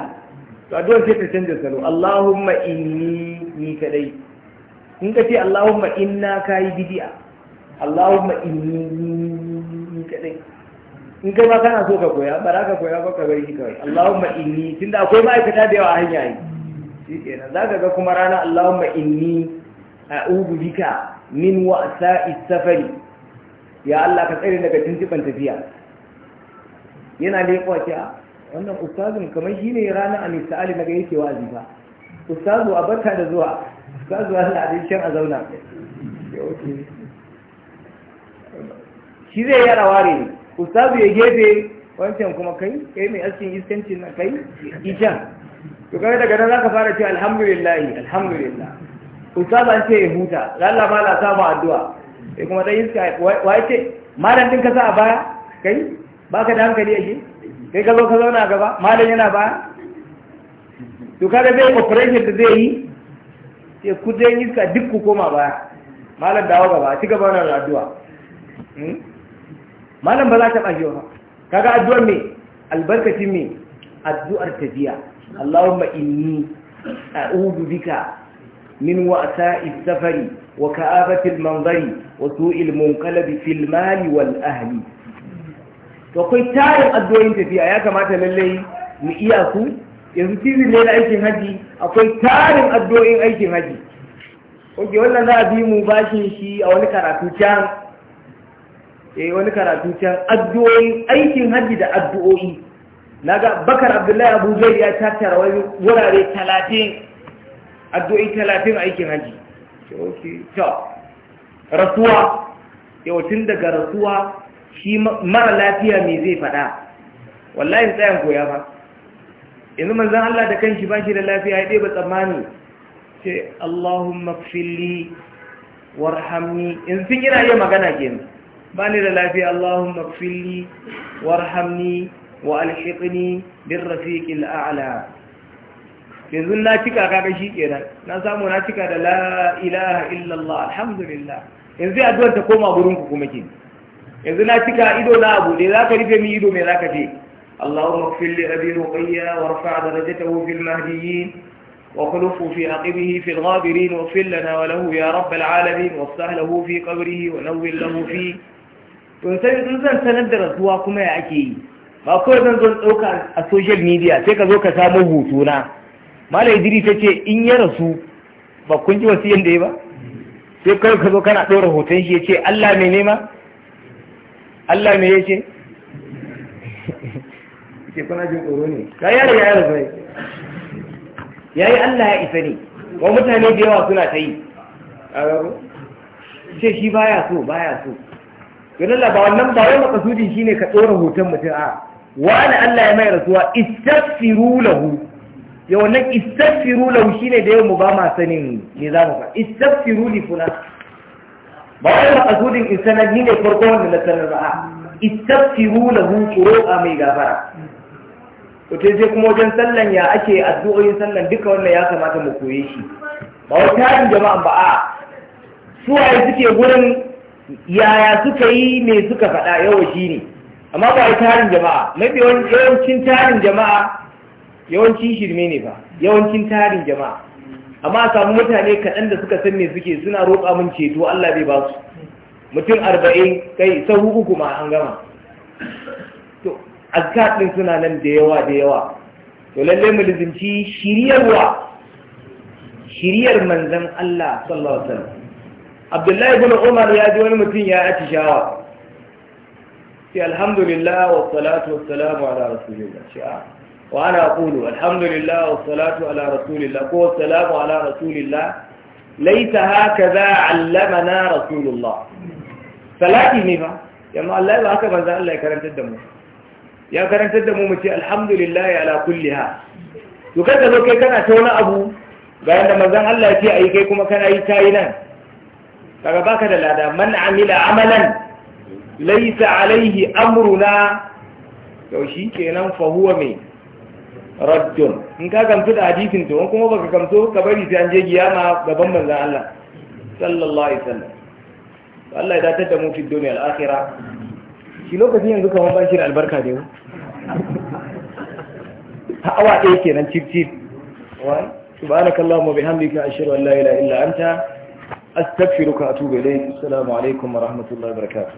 Speaker 1: فدون في تنزل اللهم اني نيك لي انك في اللهم انا كاي بديا اللهم اني نيك لي in kai ma kana so ka koya bara ka koya ba ka bari shi Allahumma inni tunda akwai ma'aikata da yawa a hanya yi zaka ga kuma rana Allahumma inni a'udhu bika min wa'sa'i safari ya Allah ka tsare daga tuntuban tafiya yana leƙwa ta wannan ustazun kamar shine ranar a mista ali yake wazi ba ustazu a barka da zuwa ustazu Allah a dinshin a zauna shi zai yi ware ne ustazu ya gefe wancan kuma kai kai mai askin iskancin na kai ijan to kai daga nan za ka fara cewa alhamdulillah alhamdulillah ustaz an ce ya huta lalla ma na samu addu'a E kuma dai iska wai ce malam din ka sa a baya kai baka da hankali yake kai ka zo ka zauna a gaba malam yana baya to kada zai operation da zai yi sai ku dan iska duk ku koma baya malam dawo gaba ci gaba wannan addu'a hmm? malam ba za ta bashi ba kaga addu'ar me albarkacin me addu'ar tafiya Allahumma inni a'udhu bika من وعثاء السفر وكآبة المنظر وسوء المنقلب في المال والأهل وقل تارق أدوين تفيا يا كما تللي مئياكو yanzu cizin ne na aikin haji akwai tarin addu'o'in aikin haji oke wannan za a bi mu bashin shi a wani karatu can eh wani karatu can addu'o'i aikin haji da addu'o'i naga bakar abdullahi abu zai ya tattara wani wurare talatin addu'o'i talatin aikin haji rasuwa yawancin daga rasuwa shi mara lafiya mai zai faɗa wallahi tsayan koya ba yanzu manzan Allah da kanshi ba shi da lafiya ya ɗeba tsammani ce Allahumma fili warhamni in sun yana iya magana kenan ba ni da lafiya Allahumma fili warhamni wa alhiqni bin rafiqil a'la yanzu na cika kaga shi kenan na samu na cika da la ilaha illallah alhamdulillah yanzu addu'ar ta koma gurin ku kuma ke yanzu na cika ido na abu ne zaka rufe mi ido me zaka ce اللهم اغفر لأبي رقية وارفع درجته في المهديين وخلفه في عقبه في الغابرين واغفر لنا وله يا رب العالمين وافتح له في قبره ونور له فيه kun sai in zan sanar da rasuwa kuma ya ake yi ba kawai zan zo ɗauka a social media sai ka zo ka samu hutuna mala idiri ta ce in ya rasu ba kun ji wasu yadda ya ba sai kai ka zo kana ɗora hoton shi ya ce Allah mai nema Allah mai ya ce ke kuna jin tsoro ne ka yi ya rasu ne ya yi Allah ya isa ne wa mutane da yawa suna ta yi ce shi baya so baya so ganin ba wannan ba wani makasudin ne ka ɗora hoton mutum a wani Allah ya mai rasuwa istaghfiru lahu ya wannan istaghfiru laushi ne da yau mu ba ma sanin ne za mu fa istaghfiru li fulan ba wai maqsudin insana ni ne farko wanda na sanar ba istaghfiru lahu a mai gafara to sai kuma wajen sallan ya ake addu'o'in sallan duka wannan ya kamata mu koye shi ba wai tarin jama'an ba a waye suke gurin yaya suka yi me suka faɗa yawa ne. amma ba wai tarin jama'a mafi yawancin tarin jama'a yawancin shirme ne ba yawancin tarin jama'a amma a samu mutane kaɗan da suka san me suke suna roƙa mun ceto Allah bai ba su mutum arba'in kai sahu uku ma an gama to azkar ɗin suna nan da yawa da yawa to lallai mu lizinci shiryarwa shiryar manzon Allah sallallahu alaihi wasallam Abdullahi ibn Umar ya ji wani mutum ya atishawa sai alhamdulillah wa salatu wa salamu ala rasulillah shi'a ah, wa ana qulu alhamdulillah was salatu ala rasulillah ko salamu ala rasulillah laita hakaza allamana rasulullah salati ne fa yamma Allah haka banza Allah ya karantar da mu ya ala kulliha to kada zo kana ta abu bayan da mazan Allah ya ce ayi kai kuma kana yi tayi nan kaga baka da lada man amila alaihi amruna na shi kenan fa rajul in ka gamsu da hadisin to in kuma baka gamsu ka bari sai an je giyama gaban manzon Allah sallallahu alaihi wasallam Allah ya datar da mu fi duniya al-akhirah shi lokacin yanzu kamar ban shi da albarka da yau Ha awa ɗaya kenan cif cif wai subhanakallahumma bihamdika ashhadu an la ilaha illa anta astaghfiruka wa atubu ilayk assalamu alaikum wa rahmatullahi wa barakatuh